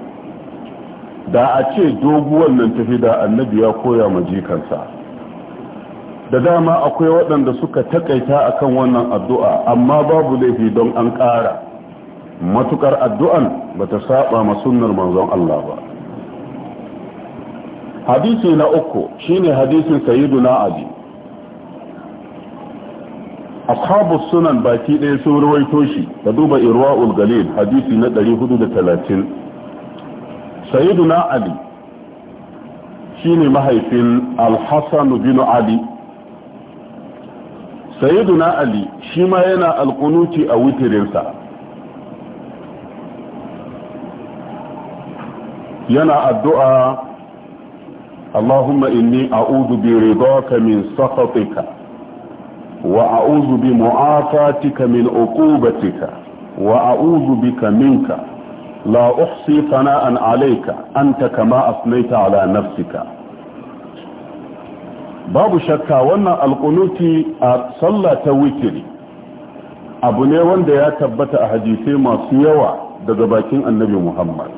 da a ce doguwan nan tafi da annabi ya koya ma jikansa da dama akwai waɗanda suka takaita akan wannan addu'a amma babu laifi don an ƙara matukar addu'an ba ta saba ma sunnar manzon Allah ba hadisi na uku shine hadisin na ali ashabu sunan baki ɗaya sun ruwaito shi da duba irwa galil hadisi na 430 sayyiduna ali shine mahaifin al-hasan bin ali sayyiduna ali shi ma yana alkunuti a witirinsa yana addu'a allahumma inni a'udu bi ridaka min sakhatika wa a'udu bi mu'afatika min uqubatika wa a'udu bika minka لا أحصي alaika عليك أنت كما أثنيت على نفسك babu shakka wannan alkunuti a sallah ta witiri abu ne wanda ya tabbata a hadisai masu yawa daga bakin annabi muhammad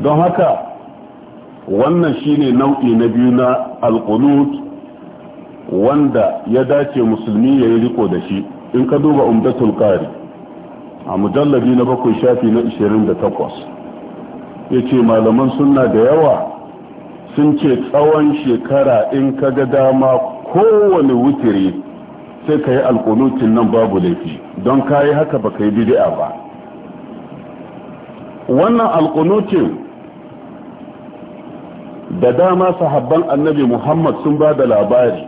don haka wannan shine nau'i na biyu na alkunut wanda ya dace musulmi ya yi riko da shi in ka duba umdatul qari a mujallabi na bakwai shafi na 28 ya ce malaman suna da yawa sun ce tsawon shekara in ka ga dama kowane wutiri sai ka yi alkunutin nan babu laifi don ka yi haka ba ka yi bidi'a ba wannan alkunutin da dama sahabban annabi muhammad sun ba da labari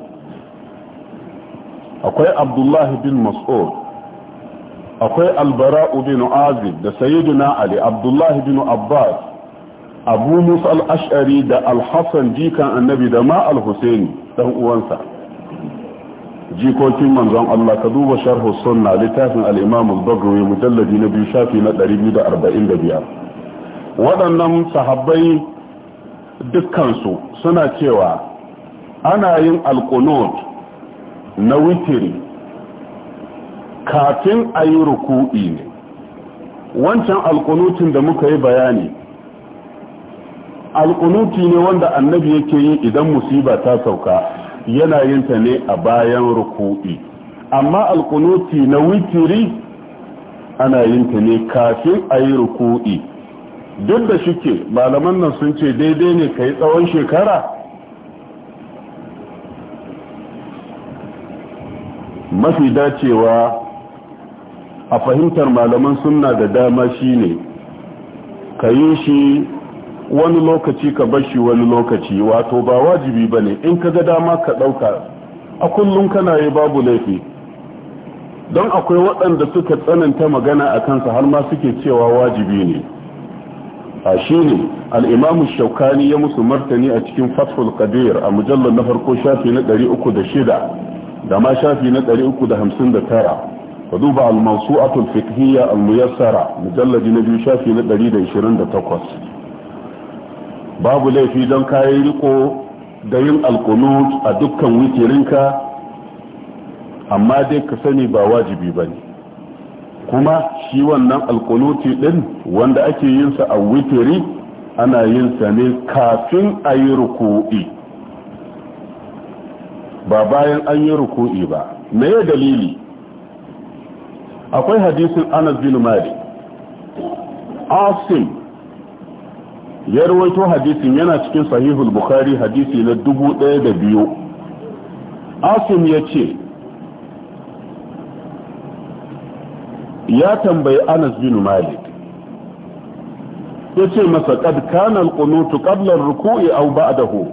akwai abdullahi bin mas'ud akwai albara bin azib da sayyiduna ali abdullahi bin abbas abu musa al-ash'ari da alhassan jikan annabi da ma al-husaini dan uwansa jikokin manzon Allah ka duba sharhu sunna littafin al-imam al-bagrawi mujalladi na biyu shafi na 245 waɗannan sahabbai dukkansu suna cewa ana yin alqunut na witiri kafin a yi ruku'i ne wancan alkunutin da muka yi bayani alkunuti ne wanda annabi yake yi idan musiba ta sauka yana yin ne a bayan ruku'i amma alkunuti na witiri ana yin ne kafin a yi ruku'i duk da shike malaman nan sun ce daidai ne ka yi tsawon shekara mafi dacewa a fahimtar malaman sunna da dama shine ka yi shi wani lokaci ka bar shi wani lokaci wato ba wajibi ba ne in ka ga dama ka ɗauka a kullum kana yi babu laifi don akwai waɗanda suka tsananta magana a kansa har ma suke cewa wajibi ne a shi ne al'imamu shaukani ya musu martani a cikin fatful qadir a mujallar na farko shafi na 306 da ma shafi na 359 ka duba al-mawsu'atul fiqhiyya al-muyassara mujalladi na biyu shafi na 128 babu laifi don kayan riko da yin alkunut a dukkan wikirinka amma dai ka sani ba wajibi bane kuma shi wannan alkunuti ɗin, wanda ake yinsa a wikiri ana yinsa ne kafin a yi ruku'i ba bayan an yi ruku'i ba me dalili akwai hadisin anas bin malik asim ya rawaito hadisin yana cikin sahihul bukhari hadisi na dubu ɗaya da biyu asim ya ce ya tambayi anas bin malik ya ce masa kad kana alqunutu qabla ar-ruku'i aw ba'dahu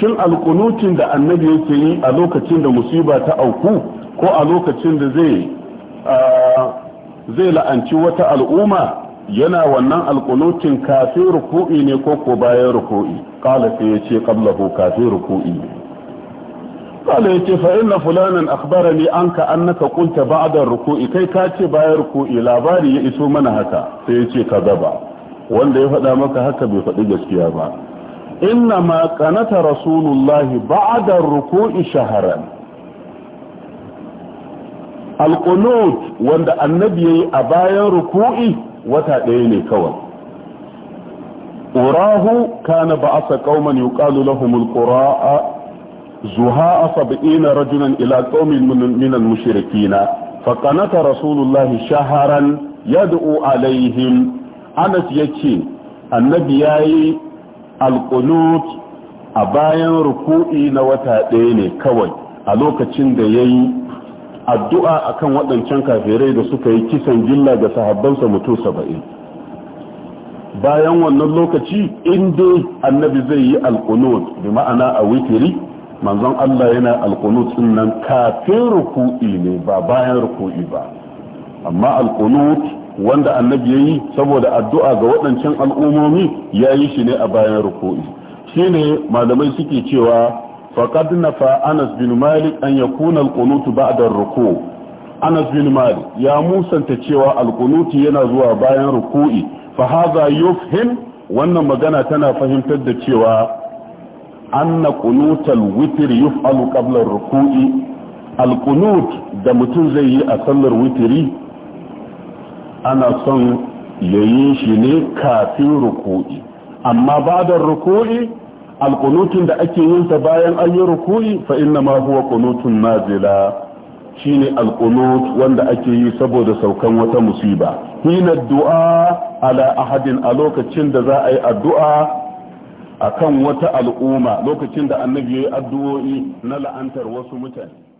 shin alqunutun da annabi yake yi a lokacin da musiba ta auku ko a lokacin da zai zai la'anci wata al'umma yana wannan alkunutin kafin ruku'i ne ko ko bayan ruku'i qala sai yace qablahu kafin ruku'i qala yace fa inna fulanan akhbarani anka annaka qulta ba'da ruku'i kai ka ce bayan ruku'i labari ya iso mana haka sai yace gaba. wanda ya faɗa maka haka bai faɗi gaskiya ba inna ma kanata rasulullahi ba'da ruku'i shaharan alkunut wanda annabi yayi a bayan ruku'i wata ɗaya ne kawai urahu kana ba'asa qauman yuqalu lahum alqura'a zuha'a sab'ina rajulan ila qaumin min al-mushrikeen rasulullahi shaharan yad'u alaihim anas ya ce annabi yayi alkunut a bayan ruku'i na wata ɗaya ne kawai a lokacin da yayi addu'a a kan waɗancan kafirai da suka yi kisan gilla ga sahabbansa mutum saba'in bayan wannan lokaci inda annabi zai yi alkunut bi ma'ana a witiri manzon Allah yana alkunut din nan kafin ruku'i ne ba bayan ruku'i ba amma alkunut wanda annabi yayi saboda addu'a ga waɗancan al'umomi yayi shi ne a bayan ruku'i shine malamai suke cewa faqad nafa Anas bin Malik an yakuna al-qunut ba'da ar-ruku' Anas bin Malik ya musanta cewa alkunuti yana zuwa bayan ruku'i fa hadha yufhim wannan magana tana fahimtar da cewa anna qunutal witr yuf'alu qabla ar-ruku'i al da mutum zai yi a sallar witri ana son yayin shi ne kafin ruku'i amma ba'da ruku'i alkunutun da ake yin sa bayan an yi ruku'i fa inna ma huwa qunutun nazila shine alqunut wanda ake yi saboda saukan wata musiba hina du'a ala ahadin a lokacin da za a yi addu'a akan wata al'umma lokacin da annabi ya yi addu'o'i na la'antar wasu mutane